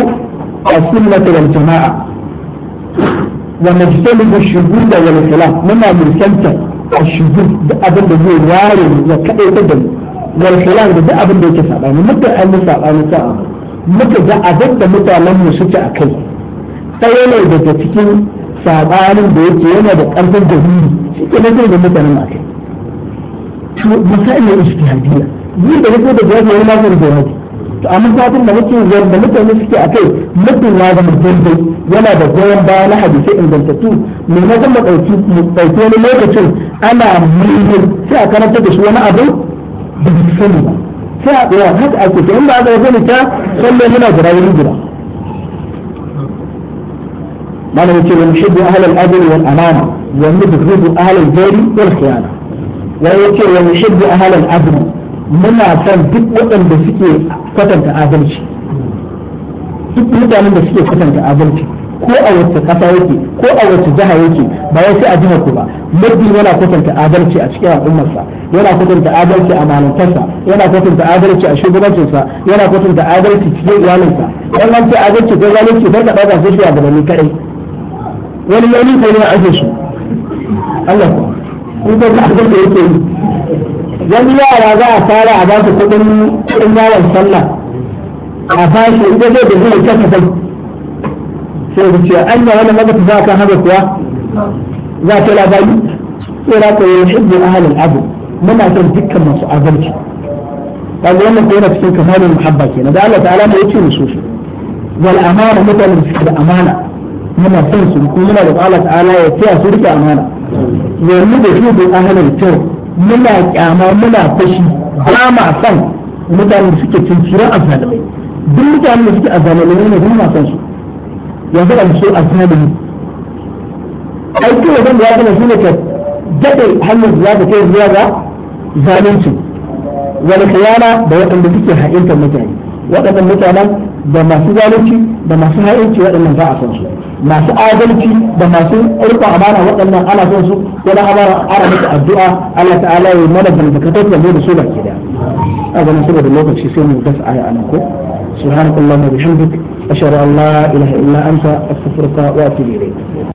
as-sunnata wal jama'a wa najtanibu ash-shuhud wal khilaf muna mulkanta a shuhud da abin da zai ware ya kadai da mu wal khilaf da duk abin da yake sabani muka an mu sabani ta abu muka ga abin da mutanen mu suke akai ɗaya ne daga cikin sabanin da yake yana da ƙarfin dalili shi ke nan da mutanen akai to masail ne ijtihadiyya ni da nake da jawabi wani mazan da yake to amma fatin da muke da mutane suke akai mutum ya zama daidai yana da goyon baya na hadisai ingantattu mai na zama ɗauki wani lokacin ana mulmul sai a karanta da shi wani abu ba su sani ba sai a ɗaya haka ake ta in ba aka sani ta sallah muna guda wuri guda malam yace wani nuhibbu ahla al-adl wal amana wa nubghidu ahla al-jari wal khiyana wa yace wa nuhibbu ahla al-adl muna san duk waɗanda suke kwatanta adalci duk mutanen da suke kwatanta adalci ko a wacce kasa yake ko a wacce jiha yake ba ya sai a jihar ku ba mafi yana kwatanta adalci a cikin al'ummarsa yana kwatanta adalci a malantarsa yana kwatanta adalci a shugabancinsa yana kwatanta adalci cikin iyalinsa dan an ce adalci ko zalunci kar ka dauka sai gabanin kadai wani yayi kai ne ake su Allah ko in ka adalci yake yi wani yara za a fara a ba su kudin yawon sallah a bashi idan zai da zai kasa sai ku ce an ba wannan magana za ka haka kuwa za ta labari sai yi hibbu ahlul abu muna son dukkan masu azalci kaga wannan ko yana cikin kamar muhabba kenan da Allah ta'ala ya ce wal amana suke da amana muna son su kuma muna da Allah ta'ala ya tsaya su rike amana yanzu da shi da kyau muna kyama muna fashi ba ma son mutane da suke cin a zalimai duk da suke ne kuma son su yanzu da su a samun ai wajen da ya gama shine ka daɗe hanyar da za ka kai zuwa ga zalunci wani da waɗanda suke haɗintar mutane waɗannan mutanen da masu zalunci da masu haƙinci waɗannan za a san su masu adalci da masu rika amana waɗannan ana son su wani amana ana musu addu'a Allah ta'ala ya mana dangantakar da mu da su ke da a ganin saboda lokaci sai mu gasa aya anan ko subhanakallahumma bihamdika أشهد أن لا إله إلا أنت أستغفرك وأتوب إليك